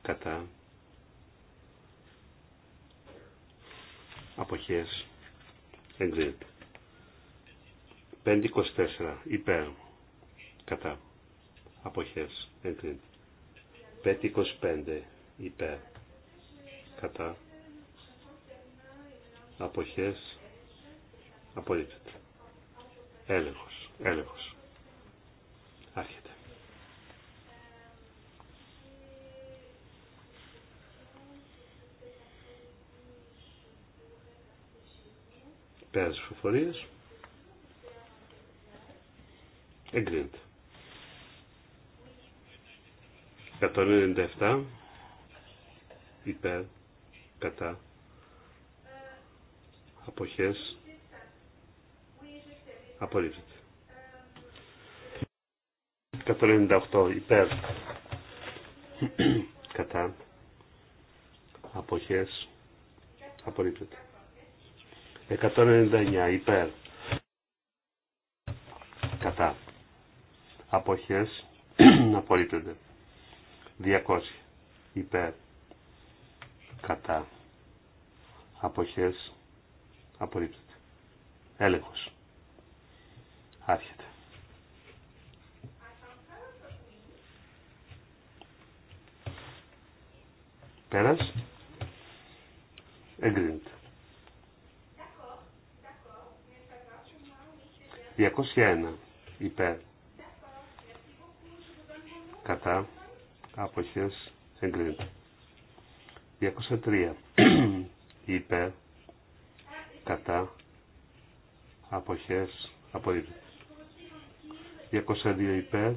κατά αποχές εγκρίνεται. 524 υπέρ κατά αποχές εγκρίνεται. 525 υπέρ κατά αποχές απορρίπτεται. Έλεγχος, έλεγχος. Άρχεται. Πέρας φοφορίες. Εγκρίνεται. 197 υπέρ κατά αποχές απορρίφθηκε. 198 υπέρ κατά αποχές απορρίπτεται 199 υπέρ κατά αποχές απορρίπτεται 200 υπέρ κατά αποχές απορρίπτεται. Έλεγχος. Άρχεται. Πέρας. Εγκρίνεται. 201 υπέρ κατά αποχές εγκρίνεται. 203 υπέρ κατά αποχές απορρίπτεται. 202 υπέρ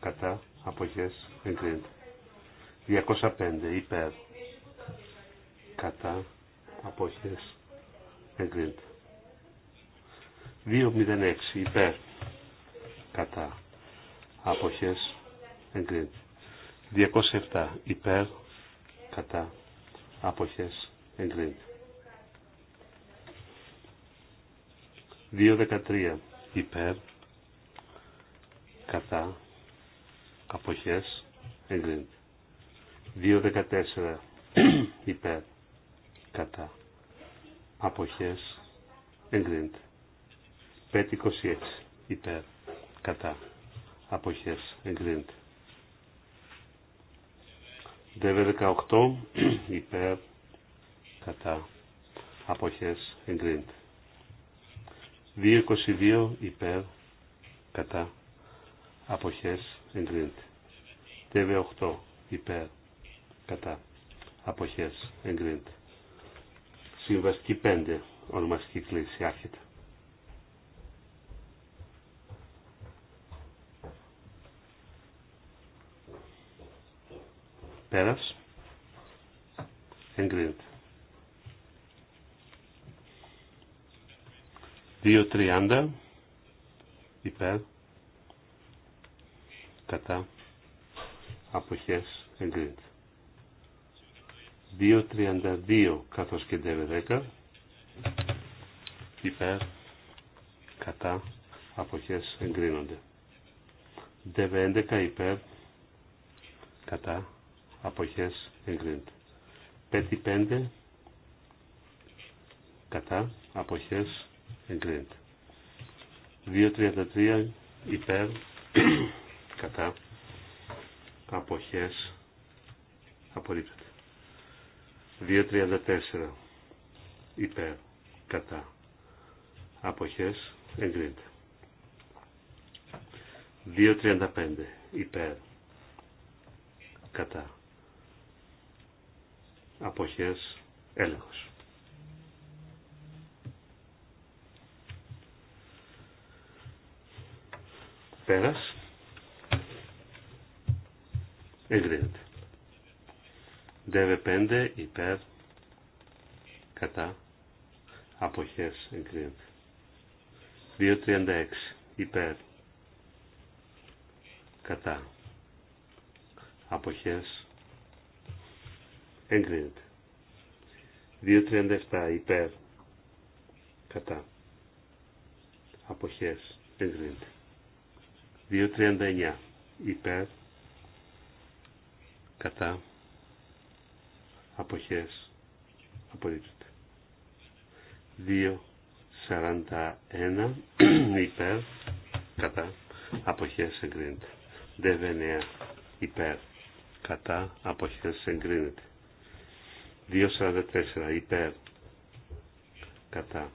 κατά αποχές εγκρίνεται. 205 υπέρ κατά αποχές εγκρίνεται. 206 υπέρ κατά αποχές εγκρίνεται. 207 υπέρ κατά αποχές εγκρίνεται. 2.13 υπέρ κατά αποχές εγκρίνεται. 2.14 υπέρ κατά αποχές εγκρίνεται. 5.26 υπέρ κατά αποχές εγκρίνεται. ΔΕ 18 υπέρ κατά αποχές εγκρίνεται. 22 υπέρ κατά αποχές εγκρίνεται. ΔΕΒΕ 8 υπέρ κατά αποχές εγκρίνεται. Συμβαστική 5 ονομαστική κλίση άρχεται. Πέρας. Εγκρίνεται. 2.30 υπέρ κατά αποχές εγκρίνεται. 2.32 καθώς και 10 υπέρ κατά αποχές εγκρίνονται. 11 υπέρ κατά αποχές εγκρίνεται. κατά αποχές εγκρινεται 233 υπέρ κατά αποχές απορρίπτεται. 2.34 υπέρ κατά αποχές εγκρίνεται. 2.35 υπέρ κατά αποχές έλεγχος. Πέρας. Δεύε ΔΒ5 υπέρ κατά αποχές εγκρίνεται. 2.36 υπέρ κατά αποχές εγκρίνεται. 2.37 υπέρ κατά αποχές εγκρίνεται. 2.39 υπέρ κατά αποχές απορρίπτεται. 2.41 υπέρ κατά αποχές εγκρίνεται. 9 υπέρ κατά αποχές εγκρίνεται. 2.44 υπέρ κατά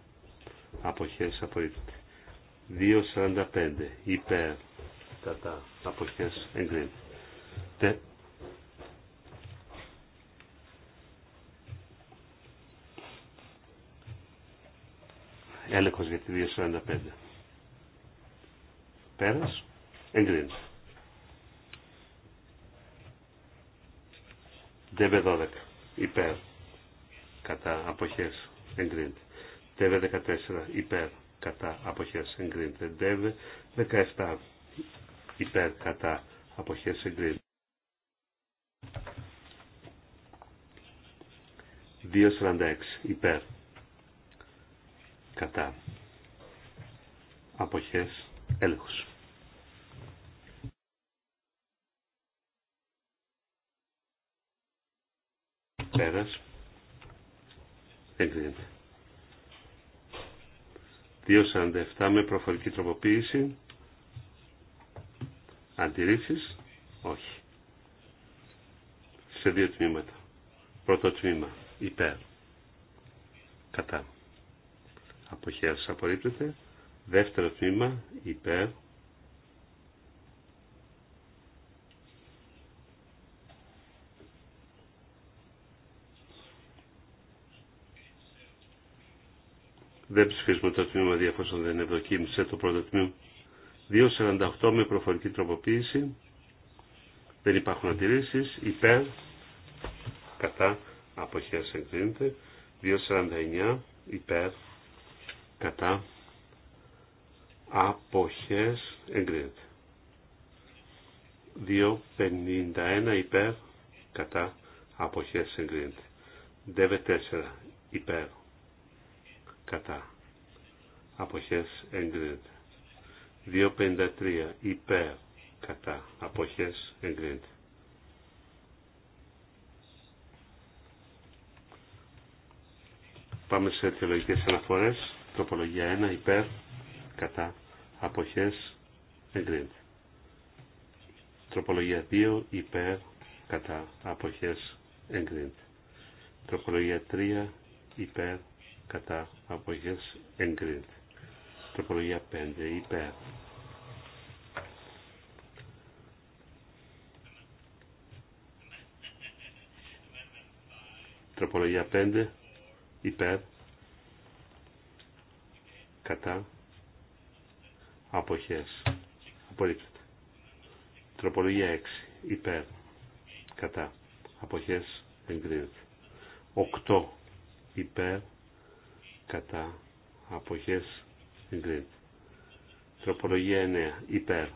αποχές απορρίπτει 2.45 υπέρ κατά αποχές εγκρίνεται. Έλεγχος για τη 2.45. Πέρας, εγκρίνεται. ΔΕΒΕ 12 υπέρ κατά αποχές εγκρίνεται. Τεβε 14 υπέρ κατά αποχές εγκρίνεται. Τεβε 17 υπέρ κατά αποχές εγκρίνεται. 2.46 υπέρ κατά αποχές έλεγχους Πέρας. Εγκρίνεται. 2.47 με προφορική τροποποίηση. Αντιρρήσεις. Όχι. Σε δύο τμήματα. Πρώτο τμήμα. Υπέρ. Κατά. Αποχές απορρίπτεται. Δεύτερο τμήμα. Υπέρ Δεν ψηφίζουμε το τμήμα διαφόσον δεν ευδοκίμησε το πρώτο τμήμα. 2.48 με προφορική τροποποίηση. Δεν υπάρχουν αντιρρήσεις. Υπέρ. Κατά. Αποχές εγκρίνεται. 2.49 υπέρ. Κατά. Αποχές εγκρίνεται. 2.51 υπέρ. Κατά. Αποχές εγκρίνεται. 9.4 υπέρ κατά αποχές εγκρίνεται 2.53 υπέρ κατά αποχές εγκρίνεται Πάμε σε θεολογικές αναφορές. Τροπολογία 1 υπέρ κατά αποχές εγκρίνεται. Τροπολογία 2 υπέρ κατά αποχές εγκρίνεται. Τροπολογία 3 υπέρ κατά αποχές εγκρίνεται. Τροπολογία 5 υπέρ. Τροπολογία 5 υπέρ κατά αποχές απορρίπτεται. Τροπολογία 6 υπέρ κατά αποχές εγκρίνεται. 8 υπέρ κατά αποχές γκριν. Τροπολογία 9 υπέρ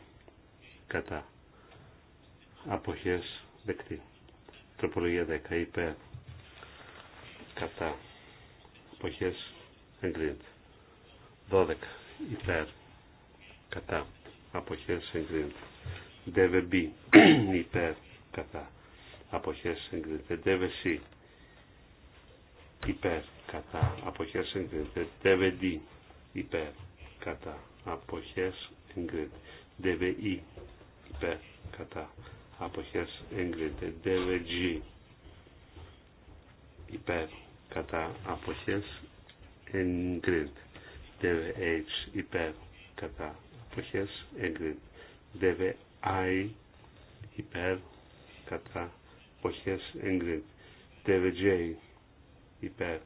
κατά αποχές δεκτή. Τροπολογία 10 υπέρ κατά αποχές εγκρίνεται. 12 υπέρ κατά αποχές εγκρίνεται. Δεύε B υπέρ κατά αποχές εγκρίνεται. Δεύε C υπέρ κατά αποχές εγκρίνεται. ΔΒΔ υπέρ κατά αποχές εγκρίνεται. ΔΒΗ υπέρ κατά αποχές εγκρίνεται. ΔΒΓ υπέρ κατά αποχές εγκρίνεται. ΔΒH υπέρ κατά αποχές εγκρίνεται. ΔΒI υπέρ κατά αποχές εγκρίνεται. ΔΒJ υπέρ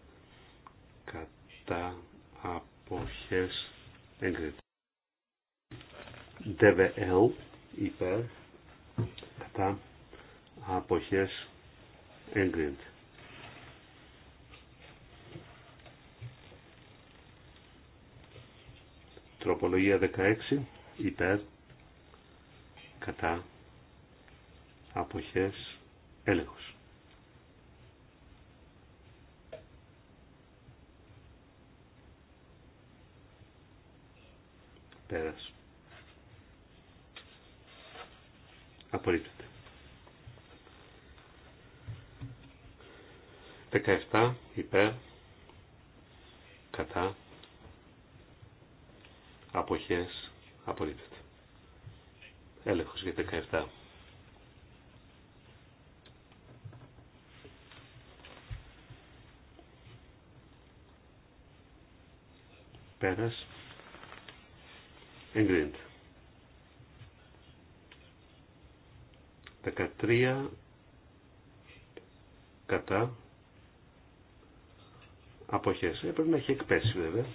κατά αποχές εγκρίνεται. DVL υπέρ κατά αποχές εγκρίνεται. Τροπολογία 16 υπέρ κατά αποχές έλεγχος. Πέρας. Απορρίπτεται. 17 υπέρ κατά αποχές απορρίπτεται. Έλεγχος για 17. Πέρας. Εγκρίνεται. 13 κατά αποχές. Ε, πρέπει να έχει εκπέσει βέβαια.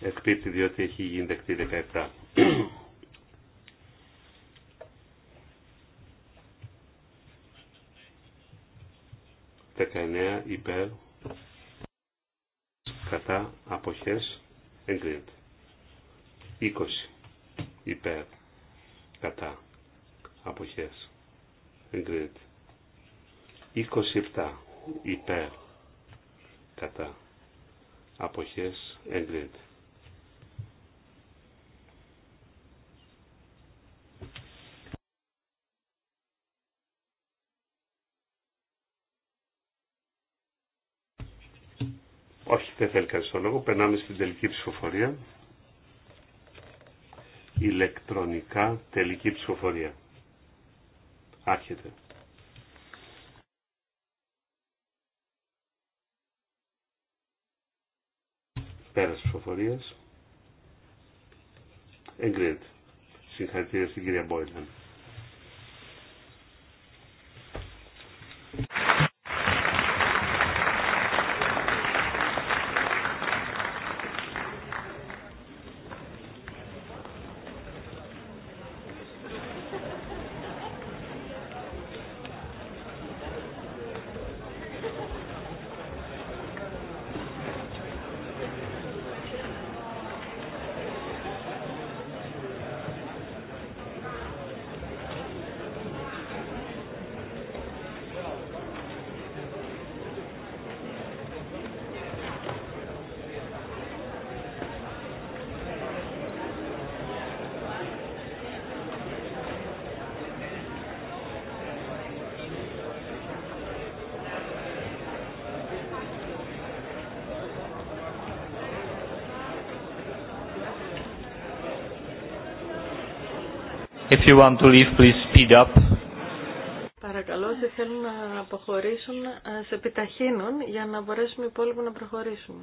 Εκπίπτει διότι έχει γίνει δεκτή 17. Δεκαεννέα υπέρ κατά αποχές εγκρίνεται. 20 υπέρ κατά αποχές εγκρίνεται. 27 υπέρ κατά αποχές εγκρίνεται. Όχι, δεν θέλει κανείς το λόγο. Περνάμε στην τελική ψηφοφορία. Ηλεκτρονικά τελική ψηφοφορία. Άρχεται. Πέρας ψηφοφορίας. Εγκρίνεται. Συγχαρητήρια στην κυρία Μπόιλαν. If you want to leave, please speed up. Παρακαλώ, όσοι θέλουν να αποχωρήσουν, σε επιταχύνουν για να μπορέσουμε οι υπόλοιποι να προχωρήσουμε.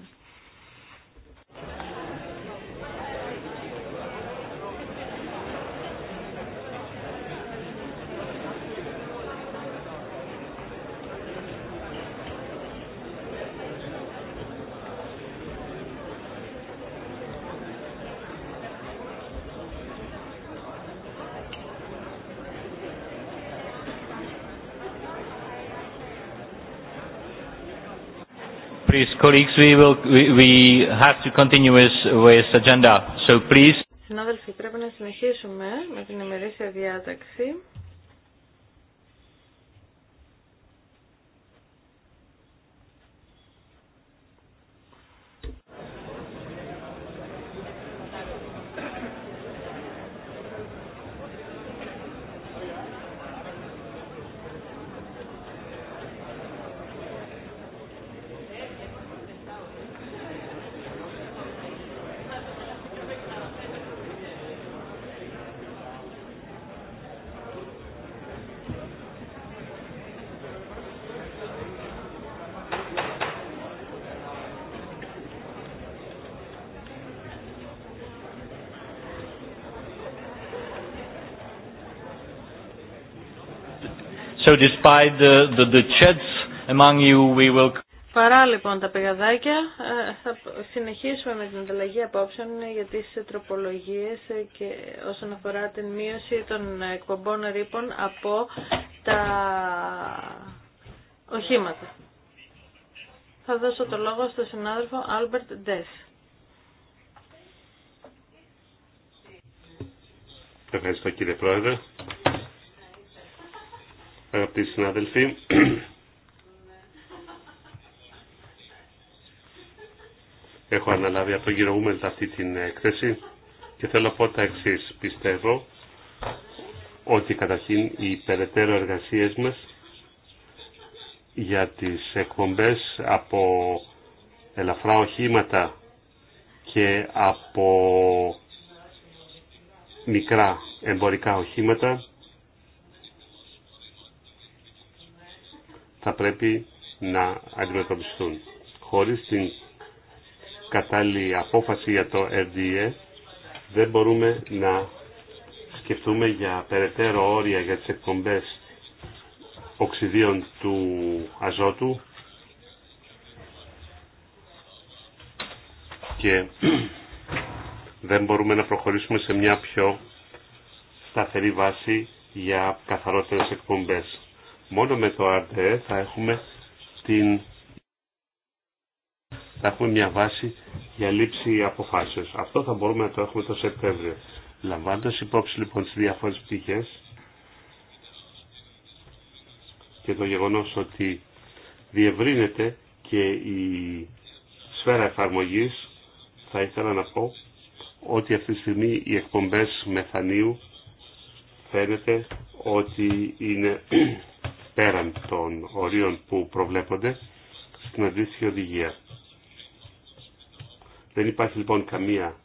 colleagues, we will we, we have to continue with, with agenda. So please. Συνάδελφοι, πρέπει να συνεχίσουμε με την ημερήσια διάταξη. Παρά λοιπόν τα πηγαδάκια, ε, θα συνεχίσουμε με την ανταλλαγή απόψεων για τι ε, τροπολογίες ε, και όσον αφορά την μείωση των εκπομπών ρήπων από τα οχήματα. Θα δώσω το λόγο στον συνάδελφο Άλμπερτ Ντες. Ευχαριστώ κύριε Πρόεδρε αγαπητοί συνάδελφοι. Έχω αναλάβει από τον κύριο αυτή την έκθεση και θέλω να πω τα εξή. Πιστεύω ότι καταρχήν οι περαιτέρω εργασίες μας για τις εκπομπέ από ελαφρά οχήματα και από μικρά εμπορικά οχήματα θα πρέπει να αντιμετωπιστούν. Χωρίς την κατάλληλη απόφαση για το FDA δεν μπορούμε να σκεφτούμε για περαιτέρω όρια για τις εκπομπές οξυδίων του αζότου και δεν μπορούμε να προχωρήσουμε σε μια πιο σταθερή βάση για καθαρότερες εκπομπές. Μόνο με το RDE θα έχουμε, την... θα έχουμε μια βάση για λήψη αποφάσεως. Αυτό θα μπορούμε να το έχουμε το Σεπτέμβριο. Λαμβάνοντας υπόψη λοιπόν τις διάφορες πτυχές και το γεγονός ότι διευρύνεται και η σφαίρα εφαρμογής θα ήθελα να πω ότι αυτή τη στιγμή οι εκπομπές μεθανίου φαίνεται ότι είναι πέραν των ορίων που προβλέπονται στην αντίστοιχη οδηγία. Δεν υπάρχει λοιπόν καμία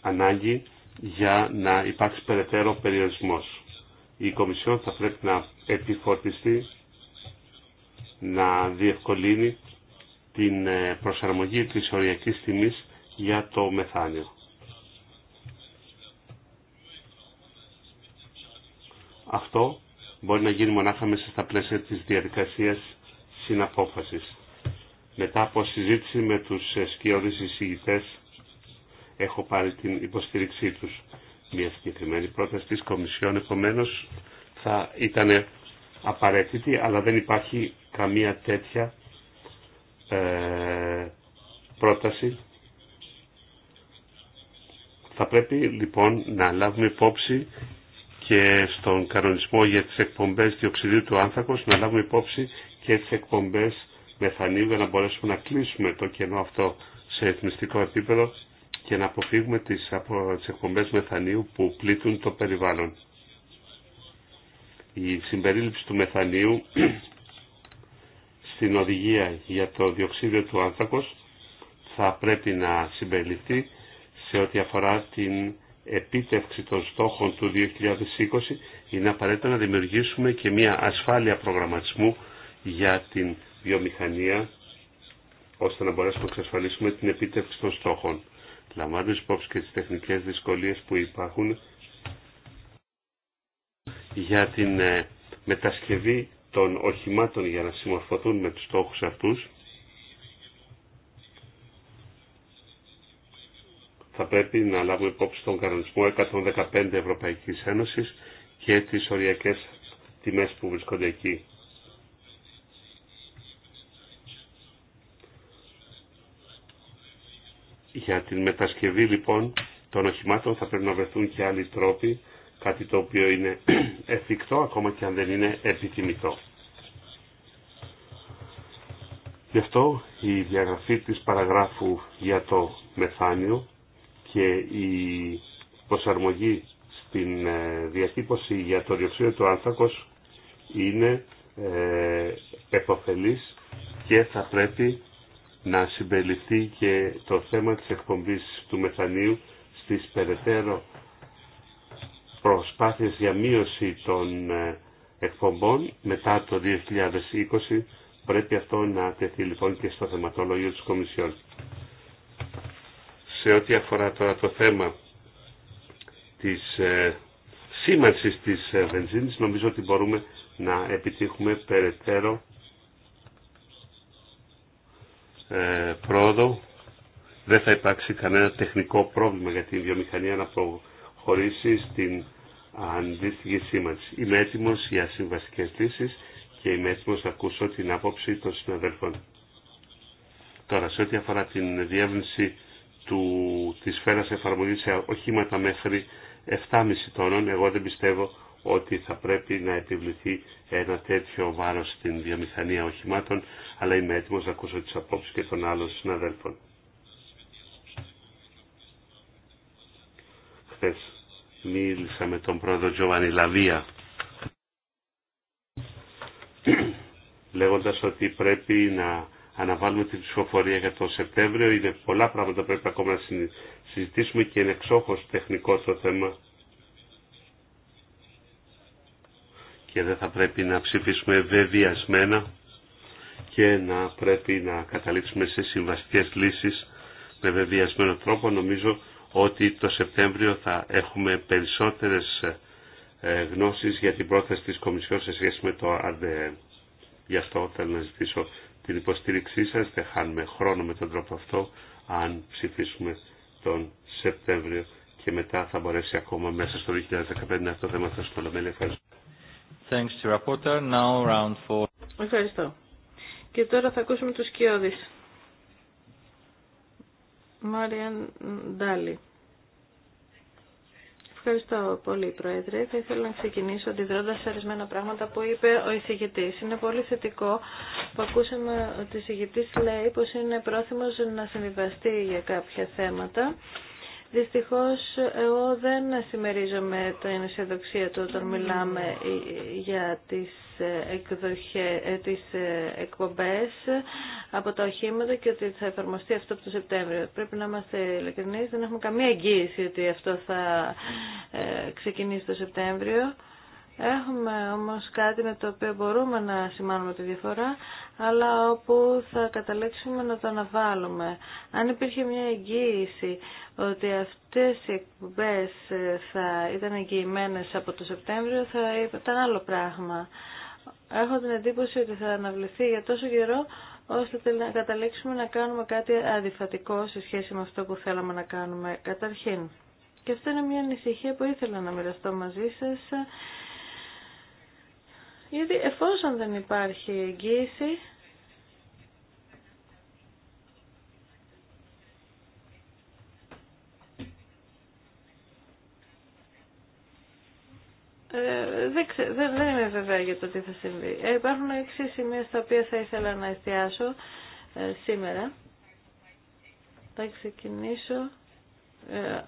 ανάγκη για να υπάρξει περαιτέρω περιορισμός. Η Κομισιόν θα πρέπει να επιφορτιστεί να διευκολύνει την ε, προσαρμογή της οριακής τιμής για το μεθάνιο. Αυτό μπορεί να γίνει μονάχα μέσα στα πλαίσια της διαδικασίας συναπόφασης. Μετά από συζήτηση με τους σκιώδεις εισηγητές έχω πάρει την υποστήριξή τους. Μια συγκεκριμένη πρόταση της Κομισιόν επομένω θα ήταν απαραίτητη, αλλά δεν υπάρχει καμία τέτοια ε, πρόταση. Θα πρέπει λοιπόν να λάβουμε υπόψη και στον κανονισμό για τις εκπομπές διοξιδίου του άνθρακος να λάβουμε υπόψη και τις εκπομπές μεθανίου για να μπορέσουμε να κλείσουμε το κενό αυτό σε εθνιστικό επίπεδο και να αποφύγουμε τις, από, εκπομπές μεθανίου που πλήττουν το περιβάλλον. Η συμπερίληψη του μεθανίου στην οδηγία για το διοξίδιο του άνθρακος θα πρέπει να συμπεριληφθεί σε ό,τι αφορά την επίτευξη των στόχων του 2020 είναι απαραίτητο να δημιουργήσουμε και μια ασφάλεια προγραμματισμού για την βιομηχανία ώστε να μπορέσουμε να εξασφαλίσουμε την επίτευξη των στόχων. Λαμβάνοντας υπόψη και τις τεχνικές δυσκολίες που υπάρχουν για την ε, μετασκευή των οχημάτων για να συμμορφωθούν με τους στόχους αυτούς θα πρέπει να λάβουμε υπόψη τον κανονισμό 115 Ευρωπαϊκής Ένωσης και τις οριακές τιμές που βρίσκονται εκεί. Για την μετασκευή λοιπόν των οχημάτων θα πρέπει να βρεθούν και άλλοι τρόποι, κάτι το οποίο είναι εφικτό ακόμα και αν δεν είναι επιθυμητό. Γι' αυτό η διαγραφή της παραγράφου για το μεθάνιο και η προσαρμογή στην ε, διατύπωση για το διοξείδιο του άνθρακος είναι ε, και θα πρέπει να συμπεριληφθεί και το θέμα της εκπομπής του μεθανίου στις περαιτέρω προσπάθειες για μείωση των ε, εκπομπών μετά το 2020. Πρέπει αυτό να τεθεί λοιπόν και στο θεματολόγιο της Κομισιόν. Σε ό,τι αφορά τώρα το θέμα της ε, σήμανσης της ε, βενζίνης, νομίζω ότι μπορούμε να επιτύχουμε περαιτέρω ε, πρόοδο. Δεν θα υπάρξει κανένα τεχνικό πρόβλημα για την βιομηχανία να προχωρήσει στην αντίστοιχη σήμανση. Είμαι έτοιμος για συμβαστικές λύσεις και είμαι έτοιμος να ακούσω την άποψη των συναδέλφων. Τώρα, σε ό,τι αφορά την διεύρυνση του, της σφαίρας εφαρμογής σε οχήματα μέχρι 7,5 τόνων. Εγώ δεν πιστεύω ότι θα πρέπει να επιβληθεί ένα τέτοιο βάρος στην βιομηχανία οχημάτων, αλλά είμαι έτοιμος να ακούσω τις απόψεις και των άλλων συναδέλφων. Χθες μίλησα με τον πρόεδρο Τζοβάνι Λαβία, λέγοντας ότι πρέπει να αναβάλουμε την ψηφοφορία για τον Σεπτέμβριο. Είναι πολλά πράγματα που πρέπει ακόμα να συζητήσουμε και είναι εξόχως τεχνικό το θέμα. Και δεν θα πρέπει να ψηφίσουμε βεβαιασμένα και να πρέπει να καταλήξουμε σε συμβαστικές λύσεις με βεβαιασμένο τρόπο. Νομίζω ότι το Σεπτέμβριο θα έχουμε περισσότερες ε, γνώσεις για την πρόθεση της Κομισιόν σε σχέση με το ΑΔΕ. Γι' αυτό θέλω να ζητήσω την υποστήριξή σας. Δεν χάνουμε χρόνο με τον τρόπο αυτό αν ψηφίσουμε τον Σεπτέμβριο και μετά θα μπορέσει ακόμα μέσα στο 2015 αυτό το θέμα θα στο Ευχαριστώ. Thanks to reporter. Now round four. Ευχαριστώ. Και τώρα θα ακούσουμε τους κοιόδης. Μάριαν Ντάλι. Ευχαριστώ πολύ, Πρόεδρε. Θα ήθελα να ξεκινήσω αντιδρώντα σε ορισμένα πράγματα που είπε ο εισηγητή. Είναι πολύ θετικό που ακούσαμε ότι ο εισηγητή λέει πω είναι πρόθυμο να συμβιβαστεί για κάποια θέματα Δυστυχώς εγώ δεν συμμερίζομαι την αισιοδοξία του όταν μιλάμε για τις, ε, εκδοχέ, ε, τις ε, εκπομπές από τα οχήματα και ότι θα εφαρμοστεί αυτό από το Σεπτέμβριο. Πρέπει να είμαστε ειλικρινείς, δεν έχουμε καμία εγγύηση ότι αυτό θα ξεκινήσει το Σεπτέμβριο. Έχουμε όμως κάτι με το οποίο μπορούμε να σημάνουμε τη διαφορά, αλλά όπου θα καταλέξουμε να το αναβάλουμε. Αν υπήρχε μια εγγύηση ότι αυτές οι εκπομπές ε, θα ήταν εγγυημένες από το Σεπτέμβριο, θα ήταν άλλο πράγμα. Έχω την εντύπωση ότι θα αναβληθεί για τόσο καιρό, ώστε να καταλήξουμε να κάνουμε κάτι αντιφατικό σε σχέση με αυτό που θέλαμε να κάνουμε καταρχήν. Και αυτό είναι μια ανησυχία που ήθελα να μοιραστώ μαζί σας γιατί εφόσον δεν υπάρχει εγγύηση, ε, δεν, δεν, είμαι βέβαια για το τι θα συμβεί. Ε, υπάρχουν εξή σημεία στα οποία θα ήθελα να εστιάσω ε, σήμερα. Θα ξεκινήσω ε,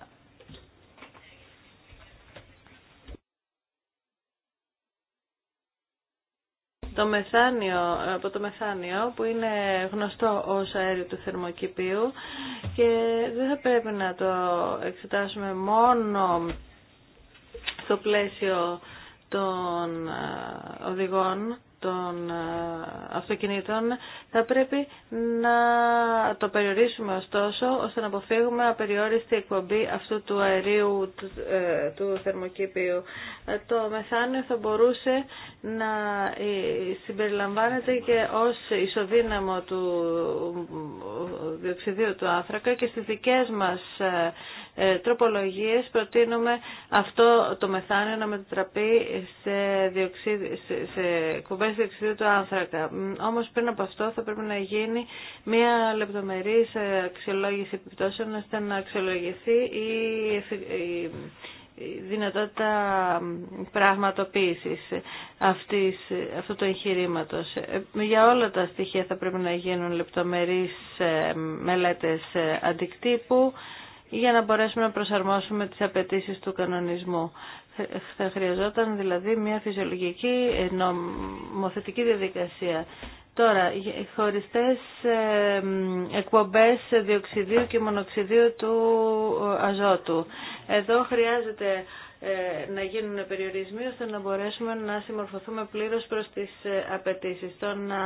Το μεθάνιο, από το μεθάνιο που είναι γνωστό ως αέριο του θερμοκηπίου και δεν θα πρέπει να το εξετάσουμε μόνο στο πλαίσιο των ε, οδηγών των ε, αυτοκινήτων θα πρέπει να το περιορίσουμε ωστόσο ώστε να αποφύγουμε απεριόριστη εκπομπή αυτού του αερίου του, ε, θερμοκήπιου. Ε, το μεθάνιο θα μπορούσε να συμπεριλαμβάνεται και ως ισοδύναμο του διοξιδίου του άνθρακα και στις δικές μας ε, τροπολογίες προτείνουμε αυτό το μεθάνιο να μετατραπεί σε, διοξίδι, σε, κουμπές διοξιδίου του άνθρακα. Όμως πριν από αυτό θα πρέπει να γίνει μια λεπτομερής ε, αξιολόγηση επιπτώσεων ώστε να αξιολογηθεί η, δυνατότητα πραγματοποίησης αυτής, αυτού του εγχειρήματο. Ε, για όλα τα στοιχεία θα πρέπει να γίνουν λεπτομερείς μελέτες αντικτύπου, για να μπορέσουμε να προσαρμόσουμε τις απαιτήσει του κανονισμού. Θα χρειαζόταν δηλαδή μια φυσιολογική ε, νομοθετική διαδικασία. Τώρα, χωριστές ε, εκπομπές διοξιδίου και μονοξιδίου του ε, αζότου. Εδώ χρειάζεται να γίνουν περιορισμοί ώστε να μπορέσουμε να συμμορφωθούμε πλήρως προς τις απαιτήσεις. Το να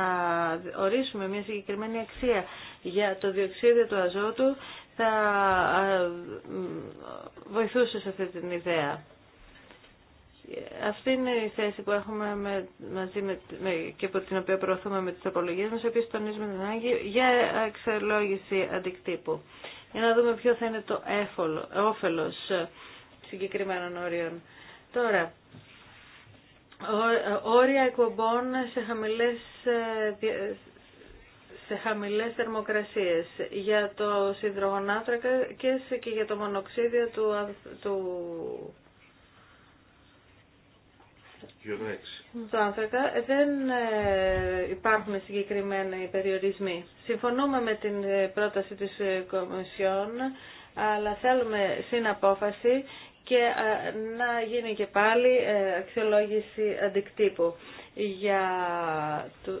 ορίσουμε μια συγκεκριμένη αξία για το διοξίδιο του αζότου θα βοηθούσε σε αυτή την ιδέα. Αυτή είναι η θέση που έχουμε με, μαζί με, και από την οποία προωθούμε με τις απολογίες μας, επίσης τονίζουμε την ανάγκη για εξελόγηση αντικτύπου. Για να δούμε ποιο θα είναι το έφολο, όφελος συγκεκριμένων όριων. Τώρα, όρια εκπομπών σε χαμηλές ε, σε χαμηλές θερμοκρασίες για το σιδρογονάνθρακα και για το μονοξίδιο του, του... άνθρακα δεν ε, υπάρχουν συγκεκριμένοι περιορισμοί. Συμφωνούμε με την ε, πρόταση της ε, Κομισιόν, αλλά θέλουμε συναπόφαση και να γίνει και πάλι αξιολόγηση αντικτύπου για το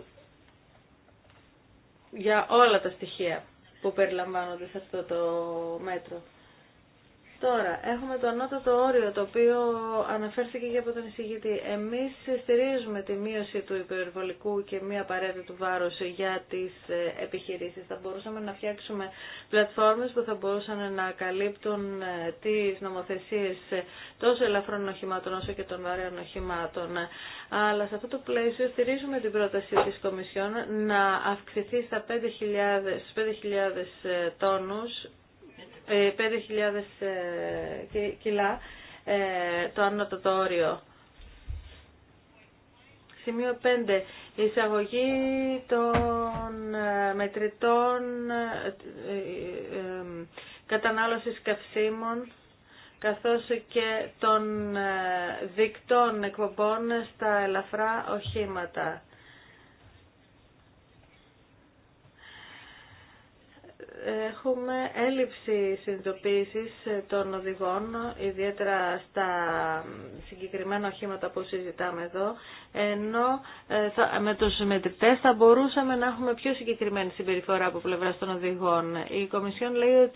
για όλα τα στοιχεία που περιλαμβάνονται σε αυτό το μέτρο. Τώρα, έχουμε το ανώτατο όριο το οποίο αναφέρθηκε και από τον εισηγητή. Εμείς στηρίζουμε τη μείωση του υπερβολικού και μη απαραίτητου βάρους για τις ε, επιχειρήσεις. Θα μπορούσαμε να φτιάξουμε πλατφόρμες που θα μπορούσαν να καλύπτουν ε, τις νομοθεσίες ε, τόσο ελαφρών οχημάτων όσο και των βαρέων οχημάτων. Αλλά σε αυτό το πλαίσιο στηρίζουμε την πρόταση της Κομισιόν να αυξηθεί στα 5.000, 5.000 τόνους 5.000 ε, ε, κιλά ε, το ανώτατο όριο. Σημείο 5. Η εισαγωγή των μετρητών κατανάλωσης καυσίμων καθώς και των δικτών εκπομπών στα ελαφρά οχήματα. έχουμε έλλειψη συνειδητοποίησης των οδηγών, ιδιαίτερα στα συγκεκριμένα οχήματα που συζητάμε εδώ, ενώ ε, με τους μετρητές θα μπορούσαμε να έχουμε πιο συγκεκριμένη συμπεριφορά από πλευρά των οδηγών. Η Κομισιόν λέει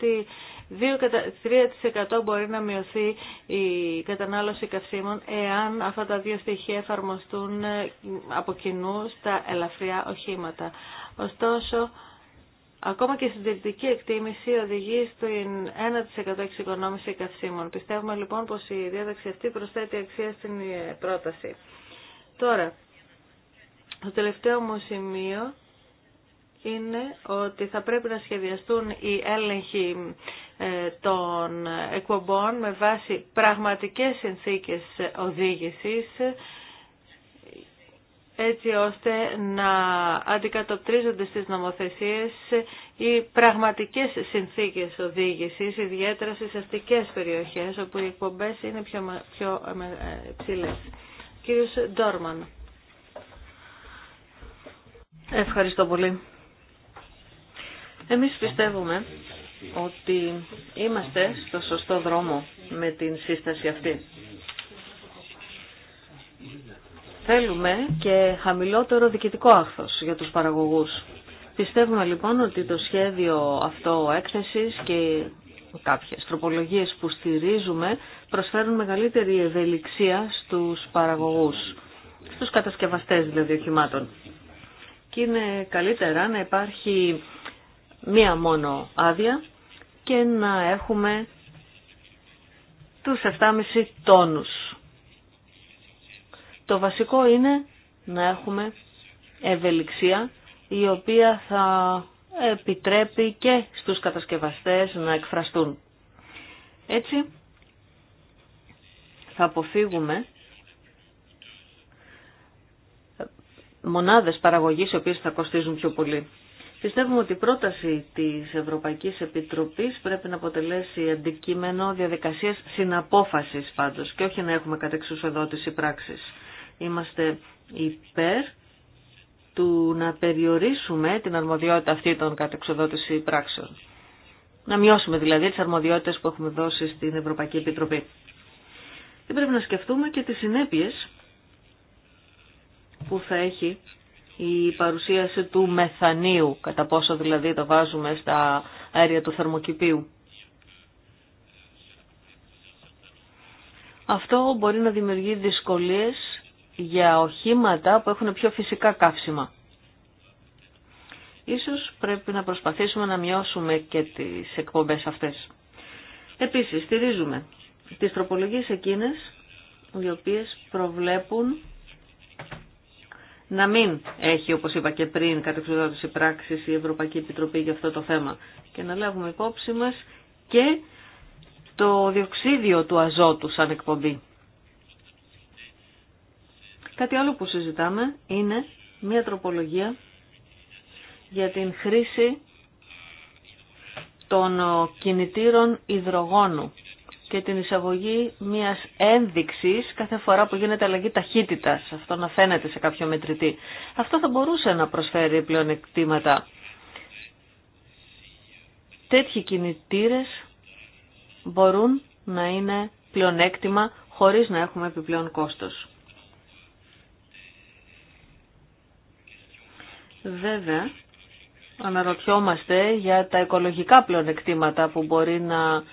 2-3% μπορεί να μειωθεί η κατανάλωση καυσίμων εάν αυτά τα δύο στοιχεία εφαρμοστούν ε, από κοινού στα ελαφριά οχήματα. Ωστόσο, Ακόμα και η συντηρητική εκτίμηση οδηγεί στην 1% εξοικονόμηση καυσίμων. Πιστεύουμε λοιπόν πως η διάταξη αυτή προσθέτει αξία στην ε, πρόταση. Τώρα, το τελευταίο μου σημείο είναι ότι θα πρέπει να σχεδιαστούν οι έλεγχοι ε, των εκπομπών με βάση πραγματικές συνθήκες οδήγησης έτσι ώστε να αντικατοπτρίζονται στις νομοθεσίες οι πραγματικές συνθήκες οδήγησης, ιδιαίτερα στις αστικές περιοχές, όπου οι εκπομπές είναι πιο, πιο ε, ψηλές. Κύριος Ντόρμαν. Ευχαριστώ πολύ. Εμείς πιστεύουμε ότι είμαστε στο σωστό δρόμο με την σύσταση αυτή. Θέλουμε και χαμηλότερο διοικητικό άχθος για τους παραγωγούς. Πιστεύουμε λοιπόν ότι το σχέδιο αυτό έκθεσης και κάποιες τροπολογίες που στηρίζουμε προσφέρουν μεγαλύτερη ευελιξία στους παραγωγούς, στους κατασκευαστές δηλαδή οχημάτων. Και είναι καλύτερα να υπάρχει μία μόνο άδεια και να έχουμε τους 7,5 τόνους το βασικό είναι να έχουμε ευελιξία η οποία θα επιτρέπει και στους κατασκευαστές να εκφραστούν. Έτσι θα αποφύγουμε μονάδες παραγωγής οι οποίες θα κοστίζουν πιο πολύ. Πιστεύουμε ότι η πρόταση της Ευρωπαϊκής Επιτροπής πρέπει να αποτελέσει αντικείμενο διαδικασίας συναπόφασης πάντως και όχι να έχουμε κατεξουσιοδότηση πράξης. Είμαστε υπέρ του να περιορίσουμε την αρμοδιότητα αυτή των κατεξοδότηση πράξεων. Να μειώσουμε δηλαδή τις αρμοδιότητες που έχουμε δώσει στην Ευρωπαϊκή Επιτροπή. Και πρέπει να σκεφτούμε και τις συνέπειες που θα έχει η παρουσίαση του μεθανίου, κατά πόσο δηλαδή το βάζουμε στα αέρια του θερμοκηπίου. Αυτό μπορεί να δημιουργεί δυσκολίες για οχήματα που έχουν πιο φυσικά καύσιμα. Ίσως πρέπει να προσπαθήσουμε να μειώσουμε και τις εκπομπές αυτές. Επίσης, στηρίζουμε τις τροπολογίες εκείνες οι οποίες προβλέπουν να μην έχει, όπως είπα και πριν, κατεξοδότηση πράξης η Ευρωπαϊκή Επιτροπή για αυτό το θέμα και να λάβουμε υπόψη μας και το διοξίδιο του αζότου σαν εκπομπή. Κάτι άλλο που συζητάμε είναι μια τροπολογία για την χρήση των κινητήρων υδρογόνου και την εισαγωγή μιας ένδειξης κάθε φορά που γίνεται αλλαγή ταχύτητας, αυτό να φαίνεται σε κάποιο μετρητή. Αυτό θα μπορούσε να προσφέρει πλεονεκτήματα. Τέτοιοι κινητήρες μπορούν να είναι πλεονέκτημα χωρίς να έχουμε επιπλέον κόστος. Βέβαια, αναρωτιόμαστε για τα οικολογικά πλεονεκτήματα που μπορεί να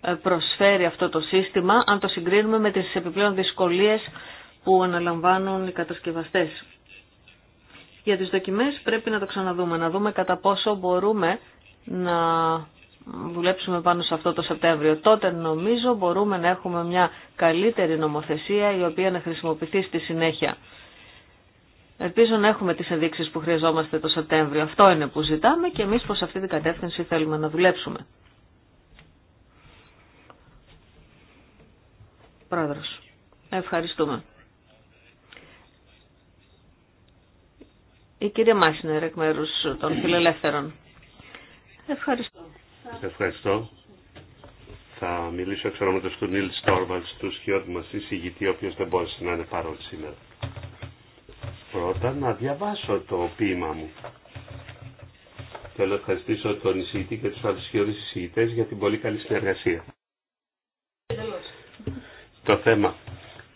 ε, προσφέρει αυτό το σύστημα, αν το συγκρίνουμε με τις επιπλέον δυσκολίες που αναλαμβάνουν οι κατασκευαστές. Για τις δοκιμές πρέπει να το ξαναδούμε, να δούμε κατά πόσο μπορούμε να δουλέψουμε πάνω σε αυτό το Σεπτέμβριο. Τότε νομίζω μπορούμε να έχουμε μια καλύτερη νομοθεσία η οποία να χρησιμοποιηθεί στη συνέχεια. Ελπίζω να έχουμε τις ενδείξεις που χρειαζόμαστε το Σεπτέμβριο. Αυτό είναι που ζητάμε και εμείς προς αυτή την κατεύθυνση θέλουμε να δουλέψουμε. Πρόεδρος, ευχαριστούμε. Η κυρία Μάσινερ εκ μέρους των φιλελεύθερων. Ευχαριστώ. Ευχαριστώ. Θα μιλήσω εξ του Νίλ Στόρβαλτ, του σκιώτη μας εισηγητή, ο οποίος δεν μπόρεσε να είναι παρόν σήμερα πρώτα να διαβάσω το ποίημα μου. Θέλω να ευχαριστήσω τον εισηγητή και τους αδυσχεωρούς εισηγητές για την πολύ καλή συνεργασία. Το θέμα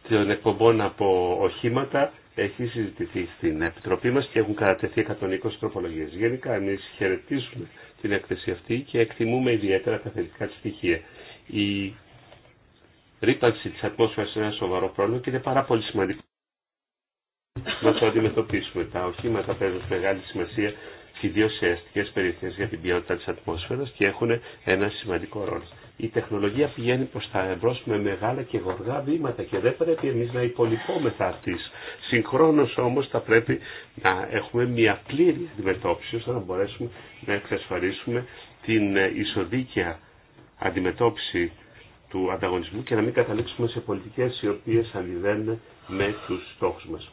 των εκπομπών από οχήματα έχει συζητηθεί στην Επιτροπή μας και έχουν κατατεθεί 120 τροπολογίες. Γενικά εμείς χαιρετίζουμε την έκθεση αυτή και εκτιμούμε ιδιαίτερα τα θετικά στοιχεία. Η ρήπανση της ατμόσφαιρας είναι ένα σοβαρό πρόβλημα και είναι πάρα πολύ σημαντικό να το αντιμετωπίσουμε. Τα οχήματα παίζουν μεγάλη σημασία ιδίω σε αστικέ περιοχέ για την ποιότητα τη ατμόσφαιρα και έχουν ένα σημαντικό ρόλο. Η τεχνολογία πηγαίνει προ τα εμπρό με μεγάλα και γοργά βήματα και δεν πρέπει εμεί να υπολοιπόμεθα αυτή. Συγχρόνω όμω θα πρέπει να έχουμε μια πλήρη αντιμετώπιση ώστε να μπορέσουμε να εξασφαλίσουμε την ισοδίκαια αντιμετώπιση του ανταγωνισμού και να μην καταλήξουμε σε πολιτικές οι οποίες αντιβαίνουν με τους στόχους μας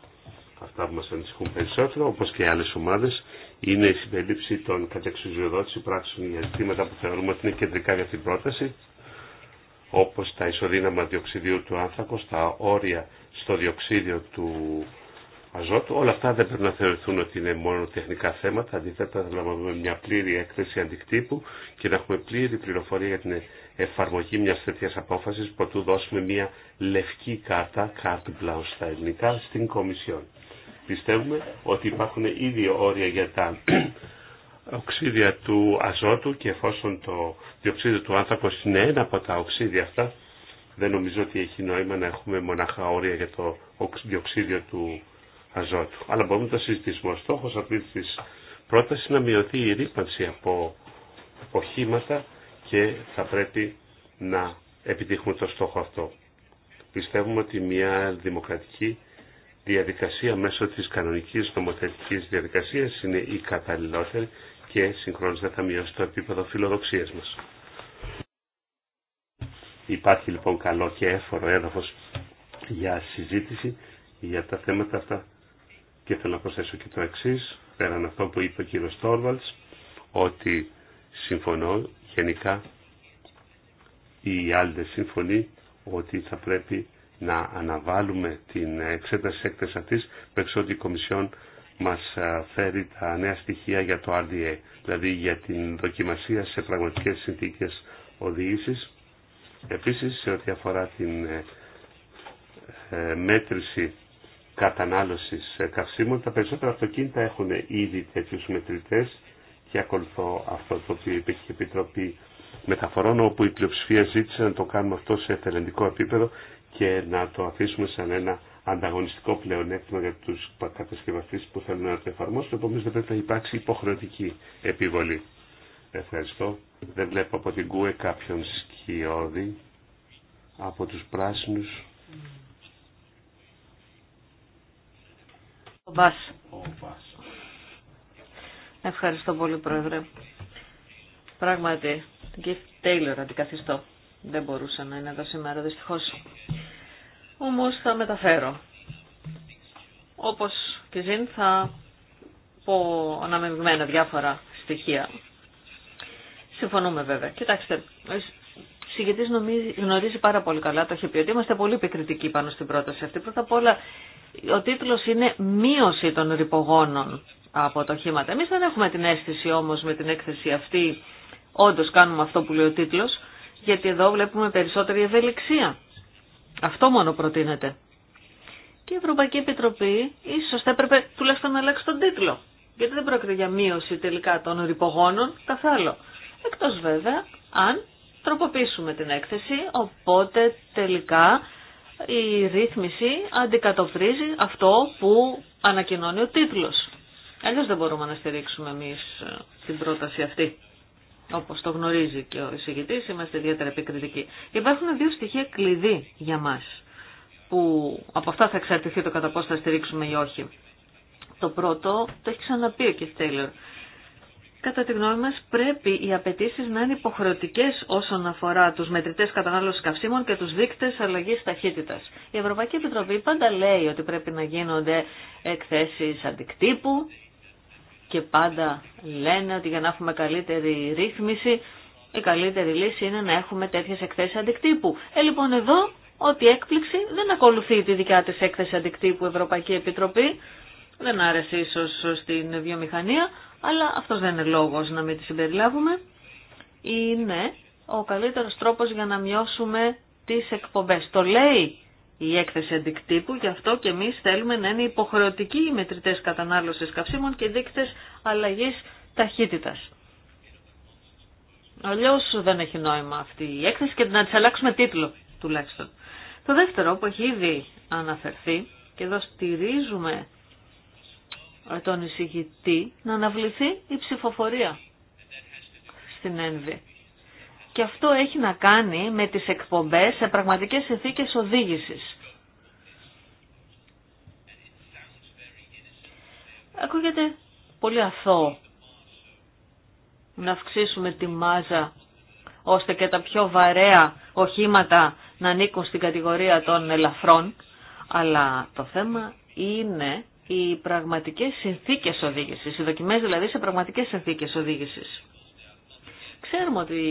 αυτά που μας ανησυχούν περισσότερο, όπως και άλλες ομάδες, είναι η συμπερίληψη των κατεξουσιοδότηση πράξεων για ζητήματα που θεωρούμε ότι είναι κεντρικά για την πρόταση, όπως τα ισοδύναμα διοξιδίου του άνθρακος, τα όρια στο διοξίδιο του αζότου. Όλα αυτά δεν πρέπει να θεωρηθούν ότι είναι μόνο τεχνικά θέματα. αντίθετα θα λαμβάνουμε μια πλήρη έκθεση αντικτύπου και να έχουμε πλήρη πληροφορία για την εφαρμογή μια τέτοια απόφαση, προτού δώσουμε μια λευκή κάρτα, carte blanche στα ελληνικά, στην Κομισιόν. Πιστεύουμε ότι υπάρχουν ήδη όρια για τα οξύδια του αζότου και εφόσον το διοξίδιο του άνθρακος είναι ένα από τα οξύδια αυτά, δεν νομίζω ότι έχει νόημα να έχουμε μονάχα όρια για το διοξίδιο του αζότου. Αλλά μπορούμε να το συζητήσουμε. Ο στόχος αυτής της πρότασης είναι να μειωθεί η ρήπανση από οχήματα και θα πρέπει να επιτύχουμε το στόχο αυτό. Πιστεύουμε ότι μια δημοκρατική διαδικασία μέσω της κανονικής νομοθετικής διαδικασίας είναι η καταλληλότερη και συγχρόνως δεν θα μειώσει το επίπεδο φιλοδοξίας μας. Υπάρχει λοιπόν καλό και έφορο έδαφος για συζήτηση για τα θέματα αυτά και θέλω να προσθέσω και το εξή, πέραν αυτό που είπε ο κύριος Τόρβαλτς, ότι συμφωνώ γενικά η Άλντε συμφωνεί ότι θα πρέπει να αναβάλουμε την εξέταση έκθεση αυτής μέχρι ότι η Κομισιόν μας ε, φέρει τα νέα στοιχεία για το RDA, δηλαδή για την δοκιμασία σε πραγματικές συνθήκες οδήγησης. Επίσης, σε ό,τι αφορά την ε, ε, μέτρηση κατανάλωσης καυσίμων, τα περισσότερα αυτοκίνητα έχουν ήδη τέτοιους μετρητές και ακολουθώ αυτό το οποίο είπε η Επιτροπή Μεταφορών, όπου η πλειοψηφία ζήτησε να το κάνουμε αυτό σε εθελοντικό επίπεδο και να το αφήσουμε σαν ένα ανταγωνιστικό πλεονέκτημα για τους κατασκευαστές που θέλουν να το εφαρμόσουν, επομένως δεν πρέπει να υπάρξει υποχρεωτική επιβολή. Ευχαριστώ. Δεν βλέπω από την ΚΟΕ κάποιον σκιώδη από τους πράσινους. Ο Ευχαριστώ πολύ, Πρόεδρε. Πράγματι, την Κιφ Τέιλορ αντικαθιστώ. Δεν μπορούσα να είναι εδώ σήμερα δυστυχώς. Όμως θα μεταφέρω. Όπως και ζήν θα πω αναμειγμένα διάφορα στοιχεία. Συμφωνούμε βέβαια. Κοιτάξτε, συγκεκριτή γνωρίζει πάρα πολύ καλά, το έχει πει ότι είμαστε πολύ επικριτικοί πάνω στην πρόταση αυτή. Πρώτα απ' όλα, ο τίτλο είναι Μείωση των ρηπογόνων από το χήματα Εμεί δεν έχουμε την αίσθηση όμω με την έκθεση αυτή, όντω κάνουμε αυτό που λέει ο τίτλο γιατί εδώ βλέπουμε περισσότερη ευελιξία. Αυτό μόνο προτείνεται. Και η Ευρωπαϊκή Επιτροπή ίσως θα έπρεπε τουλάχιστον να αλλάξει τον τίτλο. Γιατί δεν πρόκειται για μείωση τελικά των ρηπογόνων καθάλλου. Εκτός βέβαια αν τροποποιήσουμε την έκθεση, οπότε τελικά η ρύθμιση αντικατοπτρίζει αυτό που ανακοινώνει ο τίτλος. Αλλιώς δεν μπορούμε να στηρίξουμε εμείς την πρόταση αυτή. Όπω το γνωρίζει και ο εισηγητή, είμαστε ιδιαίτερα επικριτικοί. Υπάρχουν δύο στοιχεία κλειδί για μα. που από αυτά θα εξαρτηθεί το κατά πώς θα στηρίξουμε ή όχι. Το πρώτο το έχει ξαναπεί ο Κιφ Τέιλορ. Κατά τη γνώμη μα, πρέπει οι απαιτήσει να είναι υποχρεωτικέ όσον αφορά του μετρητέ κατανάλωση καυσίμων και του δείκτες αλλαγή ταχύτητα. Η Ευρωπαϊκή Επιτροπή πάντα λέει ότι πρέπει να γίνονται εκθέσει αντικτύπου και πάντα λένε ότι για να έχουμε καλύτερη ρύθμιση η καλύτερη λύση είναι να έχουμε τέτοιες εκθέσεις αντικτύπου. Ε, λοιπόν, εδώ ότι έκπληξη δεν ακολουθεί τη δικιά της έκθεση αντικτύπου Ευρωπαϊκή Επιτροπή. Δεν άρεσε ίσως στην βιομηχανία, αλλά αυτός δεν είναι λόγος να μην τη συμπεριλάβουμε. Είναι ο καλύτερος τρόπος για να μειώσουμε τις εκπομπές. Το λέει η έκθεση αντικτύπου, γι' αυτό και εμεί θέλουμε να είναι υποχρεωτικοί οι μετρητές κατανάλωσης καυσίμων και δείκτες αλλαγής ταχύτητας. Αλλιώ δεν έχει νόημα αυτή η έκθεση και να τη αλλάξουμε τίτλο τουλάχιστον. Το δεύτερο που έχει ήδη αναφερθεί και εδώ στηρίζουμε τον εισηγητή να αναβληθεί η ψηφοφορία στην ΕΝΒΗ. Και αυτό έχει να κάνει με τις εκπομπές σε πραγματικές συνθήκες οδήγησης. Ακούγεται πολύ αθώο να αυξήσουμε τη μάζα ώστε και τα πιο βαρέα οχήματα να ανήκουν στην κατηγορία των ελαφρών, αλλά το θέμα είναι οι πραγματικές συνθήκες οδήγησης, οι δοκιμές δηλαδή σε πραγματικές συνθήκες οδήγησης. Ξέρουμε ότι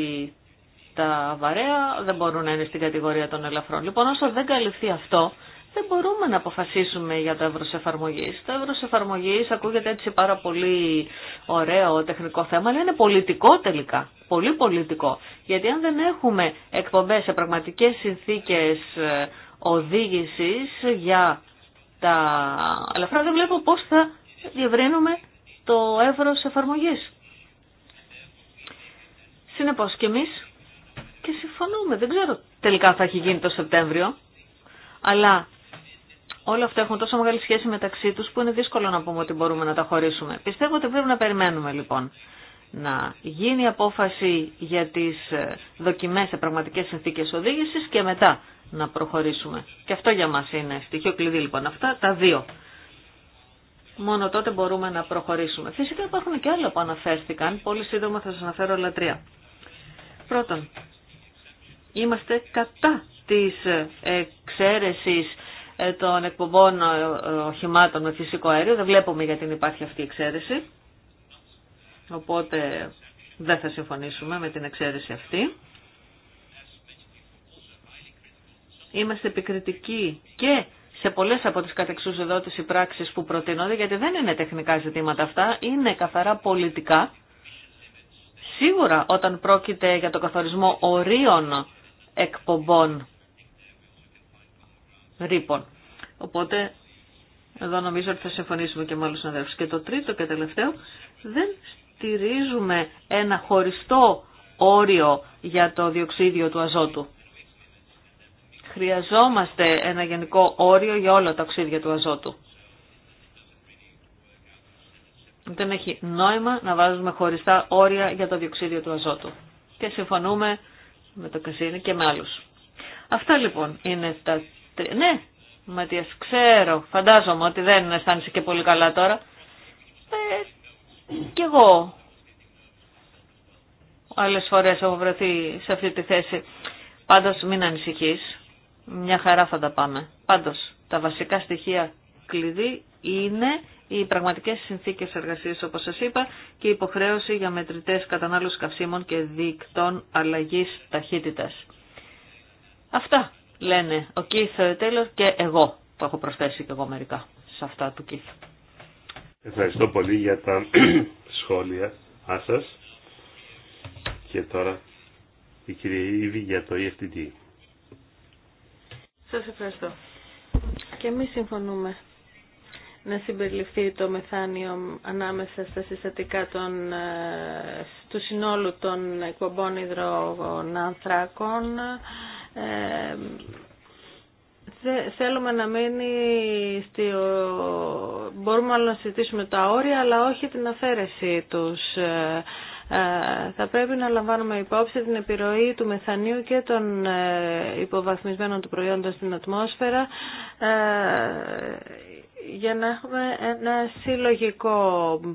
τα βαρέα δεν μπορούν να είναι στην κατηγορία των ελαφρών. Λοιπόν, όσο δεν καλυφθεί αυτό, δεν μπορούμε να αποφασίσουμε για το εύρος εφαρμογής. Το εύρος εφαρμογής ακούγεται έτσι πάρα πολύ ωραίο τεχνικό θέμα, αλλά είναι πολιτικό τελικά. Πολύ πολιτικό. Γιατί αν δεν έχουμε εκπομπές σε πραγματικές συνθήκες ε, οδήγησης για τα ελαφρά, δεν βλέπω πώς θα διευρύνουμε το εύρος εφαρμογής. Συνεπώς και εμείς και συμφωνούμε. Δεν ξέρω τελικά θα έχει γίνει το Σεπτέμβριο, αλλά όλα αυτά έχουν τόσο μεγάλη σχέση μεταξύ τους που είναι δύσκολο να πούμε ότι μπορούμε να τα χωρίσουμε. Πιστεύω ότι πρέπει να περιμένουμε λοιπόν να γίνει η απόφαση για τις ε, δοκιμές σε πραγματικές συνθήκες οδήγησης και μετά να προχωρήσουμε. Και αυτό για μας είναι στοιχείο κλειδί λοιπόν αυτά τα δύο. Μόνο τότε μπορούμε να προχωρήσουμε. Φυσικά υπάρχουν και άλλα που αναφέρθηκαν. Πολύ σύντομα θα σας αναφέρω όλα τρία. Πρώτον, Είμαστε κατά της εξαίρεσης ε, των εκπομπών ε, οχημάτων με φυσικό αέριο. Δεν βλέπουμε γιατί υπάρχει αυτή η εξαίρεση. Οπότε δεν θα συμφωνήσουμε με την εξαίρεση αυτή. Είμαστε επικριτικοί και σε πολλές από τις τις πράξεις που προτείνονται, γιατί δεν είναι τεχνικά ζητήματα αυτά, είναι καθαρά πολιτικά. Σίγουρα όταν πρόκειται για το καθορισμό ορίων εκπομπών ρήπων. Οπότε εδώ νομίζω ότι θα συμφωνήσουμε και με άλλους συναδέλφους. Και το τρίτο και τελευταίο, δεν στηρίζουμε ένα χωριστό όριο για το διοξίδιο του αζότου. Χρειαζόμαστε ένα γενικό όριο για όλα τα οξύδια του αζότου. Δεν έχει νόημα να βάζουμε χωριστά όρια για το διοξίδιο του αζότου. Και συμφωνούμε με το Κασίνη και με άλλους. Αυτά λοιπόν είναι τα τρία. Ναι, Ματίας, ξέρω, φαντάζομαι ότι δεν αισθάνεσαι και πολύ καλά τώρα. Ε, κι εγώ άλλες φορές έχω βρεθεί σε αυτή τη θέση. Πάντως μην ανησυχείς, μια χαρά θα τα πάμε. Πάντως τα βασικά στοιχεία κλειδί είναι οι πραγματικέ συνθήκε εργασία όπω σα είπα και η υποχρέωση για μετρητές κατανάλωσης καυσίμων και δικτών αλλαγής ταχύτητα. Αυτά λένε ο Κίθ Τέλος και εγώ που έχω προσθέσει και εγώ μερικά σε αυτά του Κίθ. Ευχαριστώ πολύ για τα σχόλια σα. και τώρα η κυρία Ήβη για το EFTD. Σας ευχαριστώ. Και εμείς συμφωνούμε να συμπεριληφθεί το μεθάνιο ανάμεσα στα συστατικά των, ε, του συνόλου των εκπομπών υδρογων ανθράκων. Ε, θέλουμε να μείνει στη... Μπορούμε να συζητήσουμε τα όρια, αλλά όχι την αφαίρεση τους. Ε, ε, θα πρέπει να λαμβάνουμε υπόψη την επιρροή του μεθανίου και των υποβαθμισμένων του προϊόντων στην ατμόσφαιρα για να έχουμε ένα συλλογικό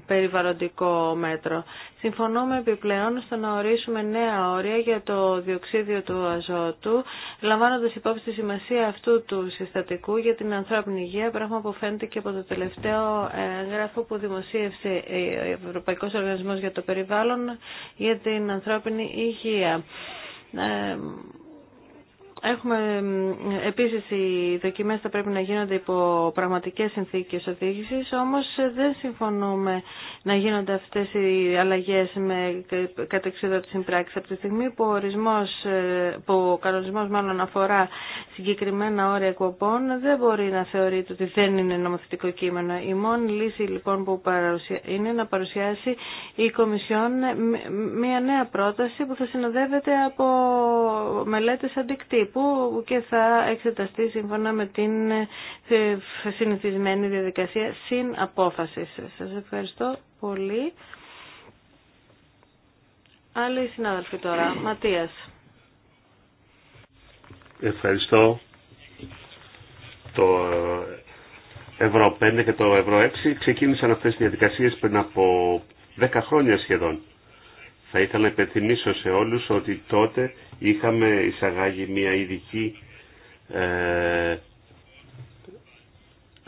περιβαλλοντικό μέτρο. Συμφωνούμε επιπλέον στο να ορίσουμε νέα όρια για το διοξίδιο του αζότου, λαμβάνοντας υπόψη τη σημασία αυτού του συστατικού για την ανθρώπινη υγεία, πράγμα που φαίνεται και από το τελευταίο έγγραφο που δημοσίευσε ο Ευρωπαϊκός Οργανισμός για το Περιβάλλον για την ανθρώπινη υγεία. Ε, Έχουμε επίσης οι δοκιμές θα πρέπει να γίνονται υπό πραγματικές συνθήκες οδήγησης, όμως ε, δεν συμφωνούμε να γίνονται αυτές οι αλλαγές με κατεξοδότηση πράξη. Από τη στιγμή που ο, ορισμός, ε, που κανονισμός μάλλον αφορά συγκεκριμένα όρια εκπομπών, δεν μπορεί να θεωρείται ότι δεν είναι νομοθετικό κείμενο. Η μόνη λύση λοιπόν που είναι να παρουσιάσει η Κομισιόν ε, μια νέα πρόταση που θα συνοδεύεται από μελέτες αντικτύπου τύπου και θα εξεταστεί σύμφωνα με την ε, συνηθισμένη διαδικασία συν απόφαση. Σας ευχαριστώ πολύ. Άλλοι συνάδελφοι τώρα. Ματίας. Ευχαριστώ. Το Ευρώ 5 και το Ευρώ 6 ξεκίνησαν αυτές τις διαδικασίες πριν από 10 χρόνια σχεδόν. Θα ήθελα να υπενθυμίσω σε όλους ότι τότε είχαμε εισαγάγει μια ειδική ε,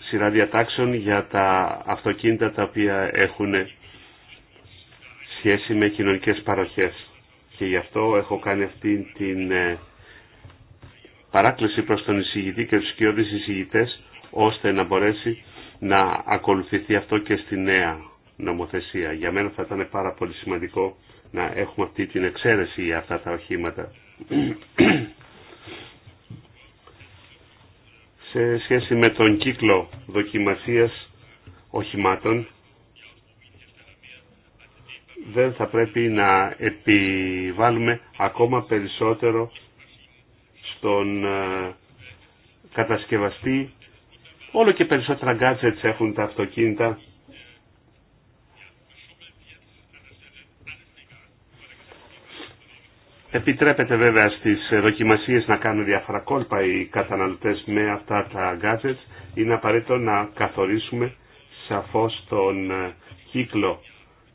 σειρά διατάξεων για τα αυτοκίνητα τα οποία έχουν σχέση με κοινωνικές παροχές. Και γι' αυτό έχω κάνει αυτή την ε, παράκληση προς τον εισηγητή και τους κοιόδης εισηγητές ώστε να μπορέσει να ακολουθηθεί αυτό και στη νέα νομοθεσία. Για μένα θα ήταν πάρα πολύ σημαντικό να έχουμε αυτή την εξαίρεση για αυτά τα οχήματα. Σε σχέση με τον κύκλο δοκιμασίας οχημάτων, δεν θα πρέπει να επιβάλλουμε ακόμα περισσότερο στον ε, κατασκευαστή. Όλο και περισσότερα γκάτζετς έχουν τα αυτοκίνητα Επιτρέπεται βέβαια στις δοκιμασίες να κάνουν διάφορα κόλπα οι καταναλωτές με αυτά τα gadgets. Είναι απαραίτητο να καθορίσουμε σαφώς τον ε, κύκλο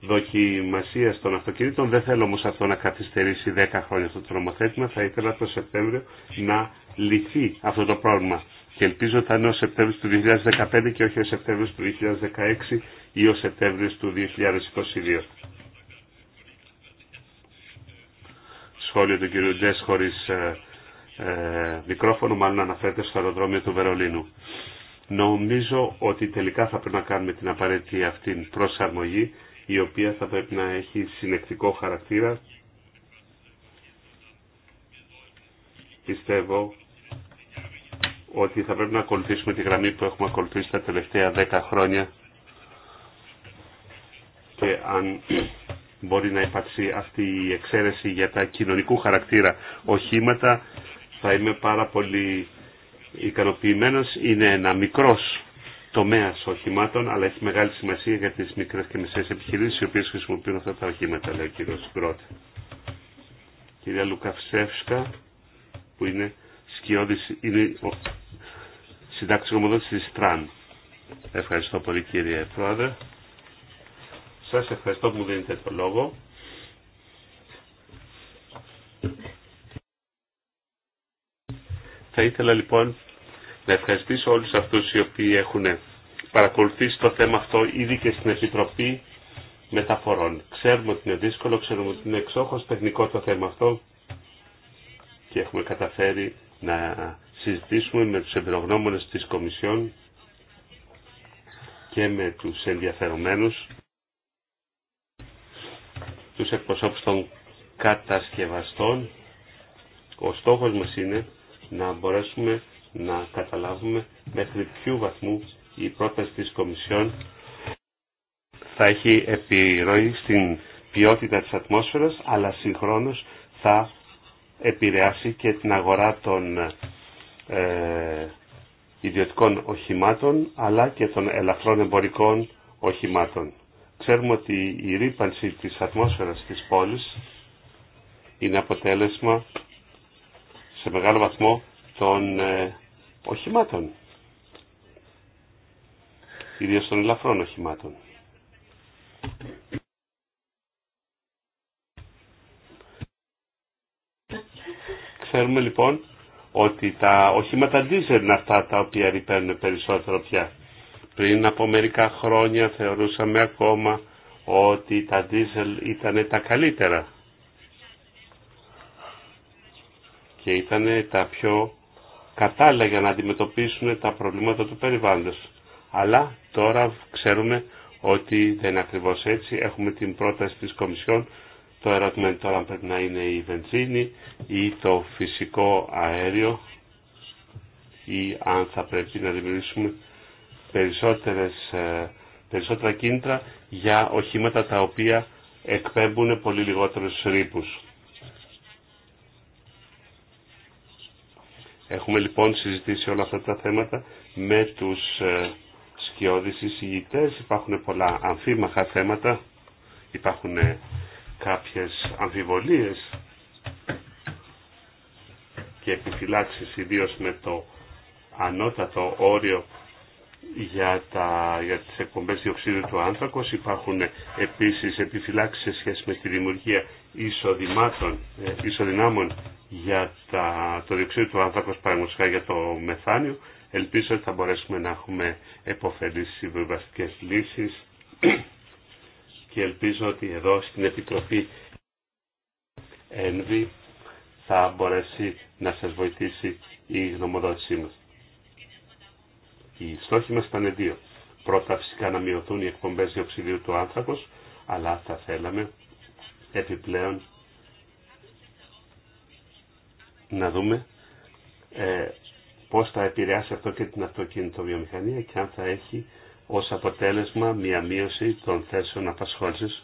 δοκιμασία των αυτοκινήτων. Δεν θέλω όμως αυτό να καθυστερήσει 10 χρόνια αυτό το νομοθέτημα. Θα ήθελα το Σεπτέμβριο να λυθεί αυτό το πρόβλημα. Και ελπίζω ότι θα είναι ο Σεπτέμβριο του 2015 και όχι ο Σεπτέμβριο του 2016 ή ο Σεπτέμβριο του 2022. σχόλιο του κύριου χωρίς ε, ε, μικρόφωνο, μάλλον αναφέρεται στο αεροδρόμιο του Βερολίνου. Νομίζω ότι τελικά θα πρέπει να κάνουμε την απαραίτητη αυτήν προσαρμογή, η οποία θα πρέπει να έχει συνεκτικό χαρακτήρα. Πιστεύω ότι θα πρέπει να ακολουθήσουμε τη γραμμή που έχουμε ακολουθήσει τα τελευταία δέκα χρόνια και αν μπορεί να υπάρξει αυτή η εξαίρεση για τα κοινωνικού χαρακτήρα οχήματα. Θα είμαι πάρα πολύ ικανοποιημένος. Είναι ένα μικρό τομέα οχημάτων, αλλά έχει μεγάλη σημασία για τι μικρέ και μεσαίε επιχειρήσει, οι οποίε χρησιμοποιούν αυτά τα οχήματα, λέει ο κύριο Γκρότε. Κυρία Λουκαυσεύσκα, που είναι σκιώδη, είναι συντάξη τη ΤΡΑΝ. Ευχαριστώ πολύ, κύριε Πρόεδρε. Σας ευχαριστώ που μου δίνετε το λόγο. Θα ήθελα λοιπόν να ευχαριστήσω όλους αυτούς οι οποίοι έχουν παρακολουθήσει το θέμα αυτό ήδη και στην Επιτροπή Μεταφορών. Ξέρουμε ότι είναι δύσκολο, ξέρουμε ότι είναι εξόχως τεχνικό το θέμα αυτό και έχουμε καταφέρει να συζητήσουμε με τους εμπειρογνώμονες της Κομισιόν και με τους ενδιαφερομένους τους εκπροσώπους των κατασκευαστών. Ο στόχος μας είναι να μπορέσουμε να καταλάβουμε μέχρι ποιου βαθμού η πρόταση της Κομισιόν θα έχει επιρροή στην ποιότητα της ατμόσφαιρας, αλλά συγχρόνως θα επηρεάσει και την αγορά των ε, ιδιωτικών οχημάτων, αλλά και των ελαφρών εμπορικών οχημάτων ξέρουμε ότι η ρήπανση της ατμόσφαιρας της πόλης είναι αποτέλεσμα σε μεγάλο βαθμό των ε, οχημάτων. Ιδίως των ελαφρών οχημάτων. Ξέρουμε λοιπόν ότι τα οχήματα diesel είναι αυτά τα οποία ρηπαίνουν περισσότερο πια. Πριν από μερικά χρόνια θεωρούσαμε ακόμα ότι τα δίζελ ήταν τα καλύτερα και ήταν τα πιο κατάλληλα για να αντιμετωπίσουν τα προβλήματα του περιβάλλοντος. Αλλά τώρα ξέρουμε ότι δεν είναι ακριβώς έτσι. Έχουμε την πρόταση της Κομισιόν. Το ερώτημα είναι τώρα αν πρέπει να είναι η βενζίνη ή το φυσικό αέριο ή αν θα πρέπει να δημιουργήσουμε περισσότερες, ε, περισσότερα κίνητρα για οχήματα τα οποία εκπέμπουν πολύ λιγότερους ρήπους. Έχουμε λοιπόν συζητήσει όλα αυτά τα θέματα με τους ε, σκιώδεις εισηγητές. Υπάρχουν πολλά αμφίμαχα θέματα, υπάρχουν ε, κάποιες αμφιβολίες και επιφυλάξεις ιδίως με το ανώτατο όριο για, τα, για τις εκπομπές του άνθρακος. Υπάρχουν επίσης επιφυλάξεις σε σχέση με τη δημιουργία εισοδημάτων, ε, ισοδυνάμων για τα, το διοξείδιο του άνθρακος παραγωγικά για το μεθάνιο. Ελπίζω ότι θα μπορέσουμε να έχουμε επωφελείς συμβιβαστικές λύσεις και ελπίζω ότι εδώ στην Επιτροπή ΕΝΒΗ θα μπορέσει να σας βοηθήσει η γνωμοδότησή μας. Οι στόχοι μας ήταν δύο. Πρώτα φυσικά να μειωθούν οι εκπομπές διοξιδίου του άνθρακος, αλλά θα θέλαμε επιπλέον να δούμε ε, πώς θα επηρεάσει αυτό και την βιομηχανία και αν θα έχει ως αποτέλεσμα μια μείωση των θέσεων απασχόλησης.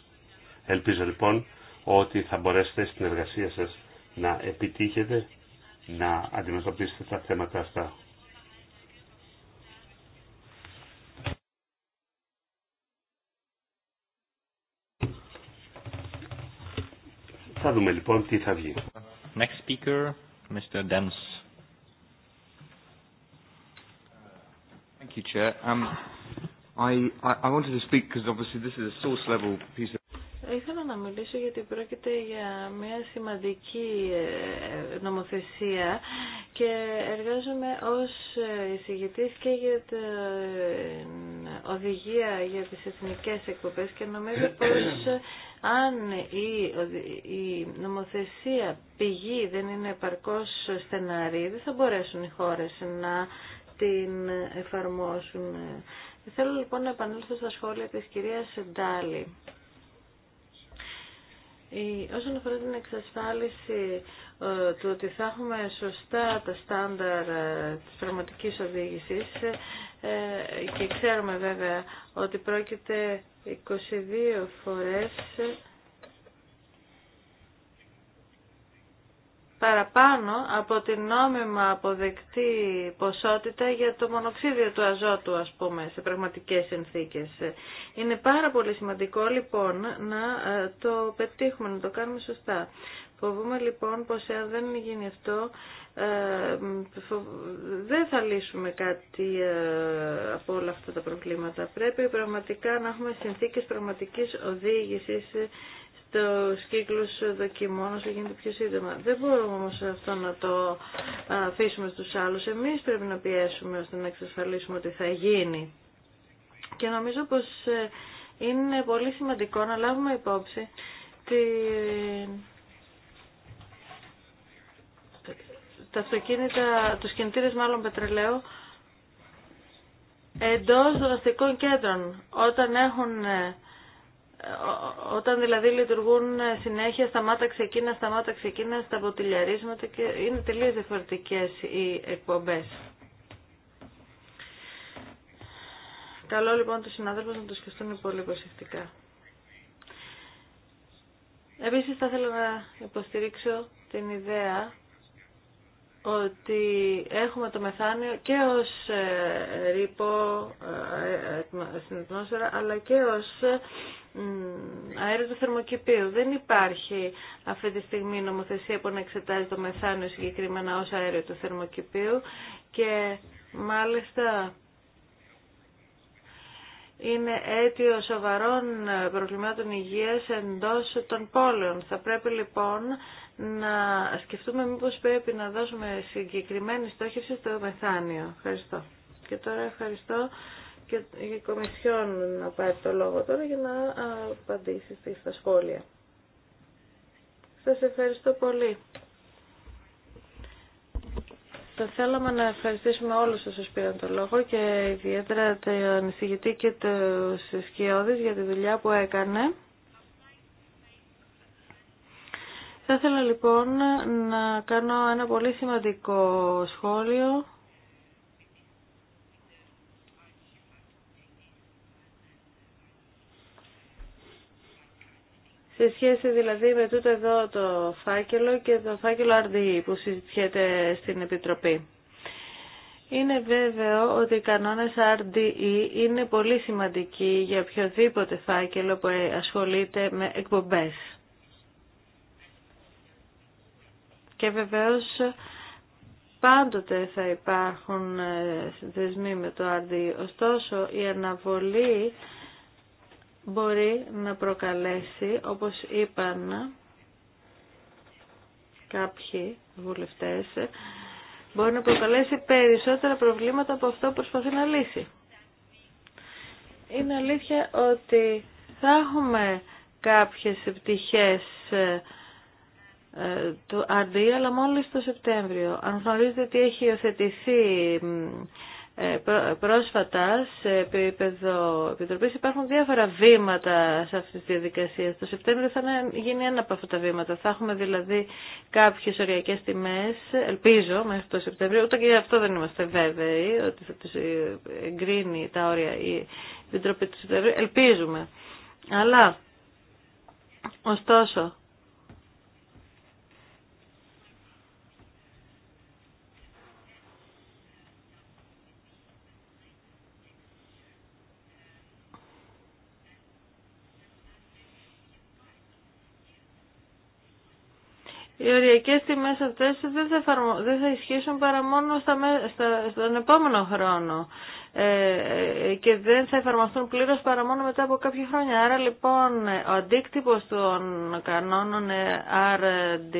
Ελπίζω λοιπόν ότι θα μπορέσετε στην εργασία σας να επιτύχετε να αντιμετωπίσετε τα θέματα αυτά. δούμε λοιπόν τι θα βγει. Next speaker, Mr. Dems. Thank you, Chair. Um, I, I wanted to speak because obviously this is a source level piece of Ήθελα να μιλήσω γιατί πρόκειται για μια σημαντική ε, ε, νομοθεσία και εργάζομαι ως ε, εισηγητής και για την οδηγία για τις εθνικές εκπομπές και νομίζω πως αν η, νομοθεσία πηγή δεν είναι επαρκώς στεναρή, δεν θα μπορέσουν οι χώρες να την εφαρμόσουν. Θέλω λοιπόν να επανέλθω στα σχόλια της κυρίας Ντάλη. Όσον αφορά την εξασφάλιση ε, του ότι θα έχουμε σωστά τα στάνταρ ε, της πραγματικής οδήγησης, ε, ε, και ξέρουμε βέβαια ότι πρόκειται 22 φορές παραπάνω από την νόμιμα αποδεκτή ποσότητα για το μονοξίδιο του αζότου, ας πούμε, σε πραγματικές συνθήκες. Είναι πάρα πολύ σημαντικό, λοιπόν, να ε, το πετύχουμε, να το κάνουμε σωστά. Φοβούμε λοιπόν πως αν δεν γίνει αυτό ε, δεν θα λύσουμε κάτι ε, από όλα αυτά τα προβλήματα. Πρέπει πραγματικά να έχουμε συνθήκες πραγματικής οδήγησης ε, στους κύκλους δοκιμών όσο γίνεται πιο σύντομα. Δεν μπορούμε όμω αυτό να το αφήσουμε στου άλλου. Εμεί πρέπει να πιέσουμε ώστε να εξασφαλίσουμε ότι θα γίνει. Και νομίζω πω είναι πολύ σημαντικό να λάβουμε υπόψη την τα αυτοκίνητα, τους κινητήρες μάλλον πετρελαίου εντός αστικών κέντρων όταν έχουν ε, όταν δηλαδή λειτουργούν ε, συνέχεια σταμάτα ξεκίνα, σταμάτα ξεκίνα στα ποτηλιαρίσματα και είναι τελείως διαφορετικές οι εκπομπές. Καλό λοιπόν τους συναδέλφους να το σκεφτούν πολύ προσεκτικά. Επίσης θα ήθελα να υποστηρίξω την ιδέα ότι έχουμε το μεθάνιο και ως ε, ρήπο ε, ε, στην ατμόσφαιρα αλλά και ως αέριο του θερμοκηπίου. Δεν υπάρχει αυτή τη στιγμή νομοθεσία που να εξετάζει το μεθάνιο συγκεκριμένα ως αέριο του θερμοκηπίου και μάλιστα είναι αίτιο σοβαρών προβλημάτων υγείας εντός των πόλεων. Θα πρέπει λοιπόν να σκεφτούμε μήπως πρέπει να δώσουμε συγκεκριμένη στόχευση στο μεθάνιο. Ευχαριστώ. Και τώρα ευχαριστώ και η Κομισιόν να πάρει το λόγο τώρα για να απαντήσει στα σχόλια. Σας ευχαριστώ πολύ. Θα θέλαμε να ευχαριστήσουμε όλους όσους πήραν το λόγο και ιδιαίτερα τον εισηγητή και τους σκιώδης για τη δουλειά που έκανε. Θα ήθελα λοιπόν να κάνω ένα πολύ σημαντικό σχόλιο. Σε σχέση δηλαδή με τούτο εδώ το φάκελο και το φάκελο RDE που συζητιέται στην Επιτροπή. Είναι βέβαιο ότι οι κανόνες RDE είναι πολύ σημαντικοί για οποιοδήποτε φάκελο που ασχολείται με εκπομπές. Και βεβαίως πάντοτε θα υπάρχουν ε, δεσμοί με το αντί, Ωστόσο, η αναβολή μπορεί να προκαλέσει, όπως είπαν κάποιοι βουλευτές, ε, μπορεί να προκαλέσει περισσότερα προβλήματα από αυτό που προσπαθεί να λύσει. Είναι αλήθεια ότι θα έχουμε κάποιες επιτυχές ε, ε, του RD, αλλά μόλις το Σεπτέμβριο. Αν γνωρίζετε ότι έχει υιοθετηθεί ε, πρόσφατα σε επίπεδο επιτροπής υπάρχουν διάφορα βήματα σε αυτή τη διαδικασία. Το Σεπτέμβριο θα γίνει ένα από αυτά τα βήματα. Θα έχουμε δηλαδή κάποιες οριακές τιμές, ελπίζω μέχρι το Σεπτέμβριο, ούτε και αυτό δεν είμαστε βέβαιοι ότι θα τους ε, εγκρίνει τα όρια η επιτροπή του Σεπτέμβριου. Ελπίζουμε. Αλλά, ωστόσο, οι οριακές τιμές αυτές δεν θα, δεν θα ισχύσουν παρά μόνο στον επόμενο χρόνο ε, και δεν θα εφαρμοστούν πλήρως παρά μόνο μετά από κάποια χρόνια. Άρα λοιπόν ο αντίκτυπος των κανόνων RD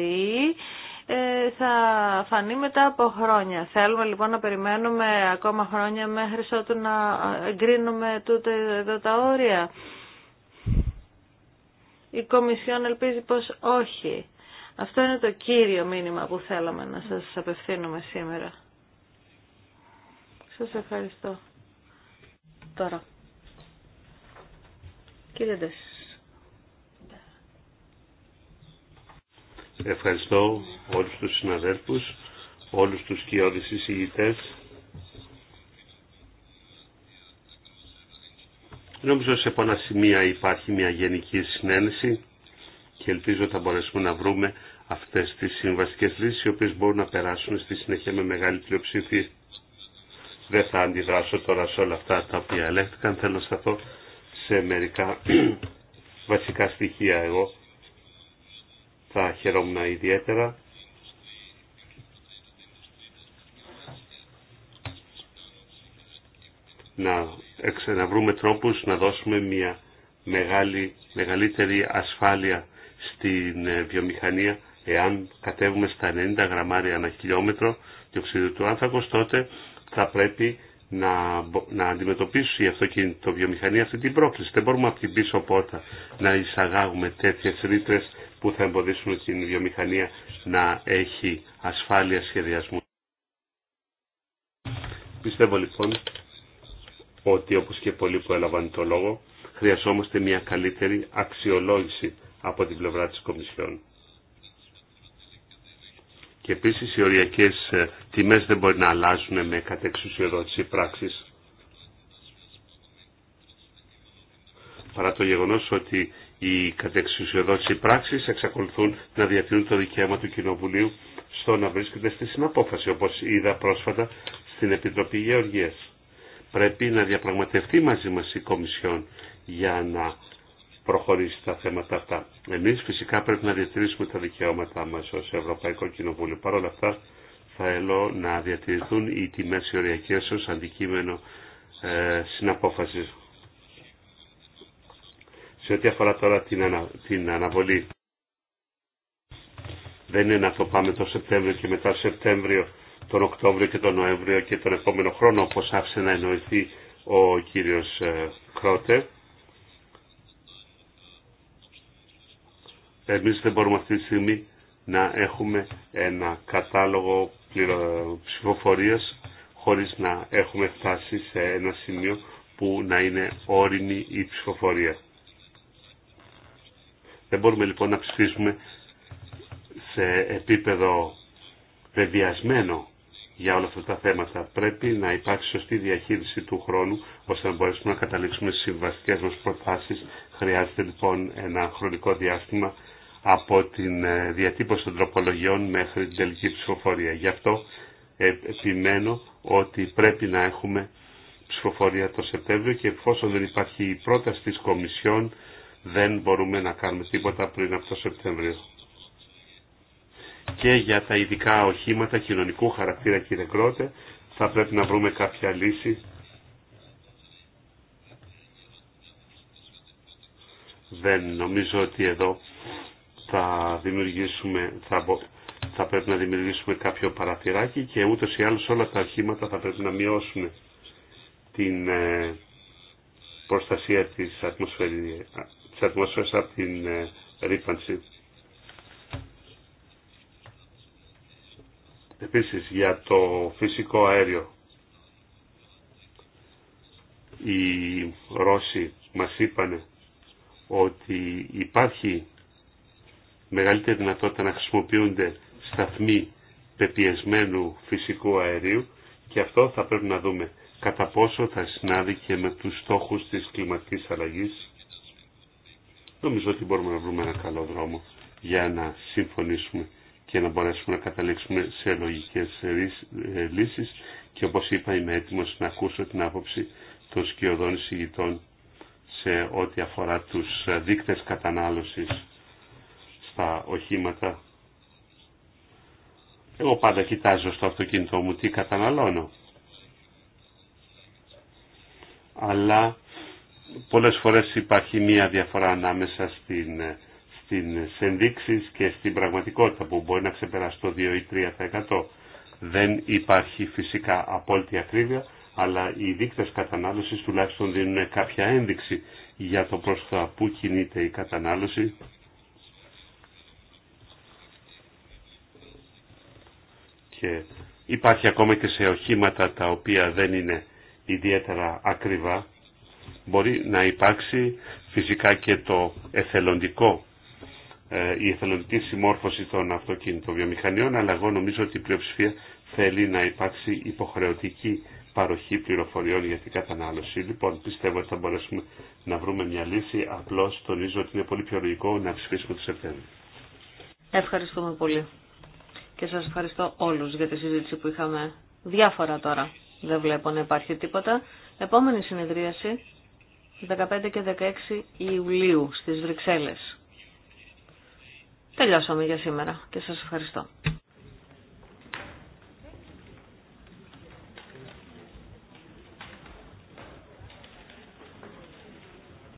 ε, θα φανεί μετά από χρόνια. Θέλουμε λοιπόν να περιμένουμε ακόμα χρόνια μέχρι ότου να εγκρίνουμε τούτα εδώ τα όρια. Η Κομισιόν ελπίζει πως όχι. Αυτό είναι το κύριο μήνυμα που θέλαμε να σας απευθύνουμε σήμερα. Σας ευχαριστώ. Τώρα. Κύριε Ντες. Ευχαριστώ όλους τους συναδέλφους, όλους τους κοιόδης εισηγητές. Νομίζω σε πολλά σημεία υπάρχει μια γενική συνένεση και ελπίζω ότι θα μπορέσουμε να βρούμε αυτές τις συμβαστικές λύσεις οι οποίες μπορούν να περάσουν στη συνέχεια με μεγάλη πλειοψηφία. Δεν θα αντιδράσω τώρα σε όλα αυτά τα οποία ελέγχθηκαν. Θέλω να σταθώ σε μερικά βασικά στοιχεία εγώ. Θα χαιρόμουν ιδιαίτερα να, να βρούμε τρόπους να δώσουμε μια μεγάλη, μεγαλύτερη ασφάλεια στην ε, βιομηχανία, εάν κατέβουμε στα 90 γραμμάρια ανά χιλιόμετρο διοξιδίου του άνθρακος, τότε θα πρέπει να, να αντιμετωπίσει η αυτοκινητοβιομηχανία αυτή την πρόκληση. Δεν μπορούμε από την πίσω πόρτα να εισαγάγουμε τέτοιες ρήτρε που θα εμποδίσουν την βιομηχανία να έχει ασφάλεια σχεδιασμού. Πιστεύω λοιπόν ότι όπως και πολλοί που έλαβαν το λόγο χρειαζόμαστε μια καλύτερη αξιολόγηση από την πλευρά της Κομισιόν. Και επίσης οι οριακές ε, τιμές δεν μπορεί να αλλάζουν με κατεξουσιοδότηση πράξης. Παρά το γεγονός ότι οι κατεξουσιοδότηση πράξεις εξακολουθούν να διατηρούν το δικαίωμα του Κοινοβουλίου στο να βρίσκεται στη συναπόφαση, όπως είδα πρόσφατα στην Επιτροπή Γεωργίας. Πρέπει να διαπραγματευτεί μαζί μας η Κομισιόν για να προχωρήσει τα θέματα αυτά. Εμείς φυσικά πρέπει να διατηρήσουμε τα δικαιώματά μας ως Ευρωπαϊκό Κοινοβούλιο. Παρ' όλα αυτά έλω να διατηρηθούν οι τιμές οριακές ως αντικείμενο ε, συναπόφασης. Σε ό,τι αφορά τώρα την, ανα, την αναβολή, δεν είναι να το πάμε το Σεπτέμβριο και μετά Σεπτέμβριο, τον Οκτώβριο και τον Νοέμβριο και τον επόμενο χρόνο, όπως άφησε να εννοηθεί ο κύριος ε, Κρότερ Εμείς δεν μπορούμε αυτή τη στιγμή να έχουμε ένα κατάλογο ψηφοφορίας χωρίς να έχουμε φτάσει σε ένα σημείο που να είναι όριμη η ψηφοφορία. Δεν μπορούμε λοιπόν να ψηφίσουμε σε επίπεδο βεβαιασμένο για όλα αυτά τα θέματα. Πρέπει να υπάρξει σωστή διαχείριση του χρόνου ώστε να μπορέσουμε να καταλήξουμε στις συμβαστικές μας προτάσεις. Χρειάζεται λοιπόν ένα χρονικό διάστημα από την ε, διατύπωση των τροπολογιών μέχρι την τελική ψηφοφορία. Γι' αυτό ε, επιμένω ότι πρέπει να έχουμε ψηφοφορία το Σεπτέμβριο και εφόσον δεν υπάρχει η πρόταση της Κομισιόν δεν μπορούμε να κάνουμε τίποτα πριν από το Σεπτέμβριο. Και για τα ειδικά οχήματα κοινωνικού χαρακτήρα κύριε Κρότε θα πρέπει να βρούμε κάποια λύση. Δεν νομίζω ότι εδώ θα, δημιουργήσουμε, θα, θα πρέπει να δημιουργήσουμε κάποιο παραθυράκι και ούτως ή άλλως όλα τα αρχήματα θα πρέπει να μειώσουν την ε, προστασία της ατμόσφαιρας, της από την ε, ρήπανση. Επίσης για το φυσικό αέριο οι Ρώσοι μας είπαν ότι υπάρχει μεγαλύτερη δυνατότητα να χρησιμοποιούνται σταθμοί πεπιεσμένου φυσικού αερίου και αυτό θα πρέπει να δούμε κατά πόσο θα συνάδει και με τους στόχους της κλιματικής αλλαγής. Νομίζω ότι μπορούμε να βρούμε ένα καλό δρόμο για να συμφωνήσουμε και να μπορέσουμε να καταλήξουμε σε λογικές ε, λύσεις και όπως είπα είμαι να ακούσω την άποψη των σκιωδών εισηγητών σε ό,τι αφορά τους δείκτες κατανάλωσης στα οχήματα. Εγώ πάντα κοιτάζω στο αυτοκίνητό μου τι καταναλώνω. Αλλά πολλές φορές υπάρχει μία διαφορά ανάμεσα στην, στην ενδείξεις και στην πραγματικότητα που μπορεί να ξεπεράσει το 2 ή 3%. Δεν υπάρχει φυσικά απόλυτη ακρίβεια, αλλά οι δείκτες κατανάλωσης τουλάχιστον δίνουν κάποια ένδειξη για το προς τα που κινείται η κατανάλωση υπάρχει ακόμα και σε οχήματα τα οποία δεν είναι ιδιαίτερα ακριβά. Μπορεί να υπάρξει φυσικά και το εθελοντικό, ε, η εθελοντική συμμόρφωση των αυτοκίνητων βιομηχανιών, αλλά εγώ νομίζω ότι η πλειοψηφία θέλει να υπάρξει υποχρεωτική παροχή πληροφοριών για την κατανάλωση. Λοιπόν, πιστεύω ότι θα μπορέσουμε να βρούμε μια λύση. Απλώς τονίζω ότι είναι πολύ πιο λογικό να ψηφίσουμε το Σεπτέμβριο. Ευχαριστούμε πολύ και σας ευχαριστώ όλους για τη συζήτηση που είχαμε διάφορα τώρα. Δεν βλέπω να υπάρχει τίποτα. Επόμενη συνεδρίαση 15 και 16 Ιουλίου στις Βρυξέλλες. Τελειώσαμε για σήμερα και σας ευχαριστώ.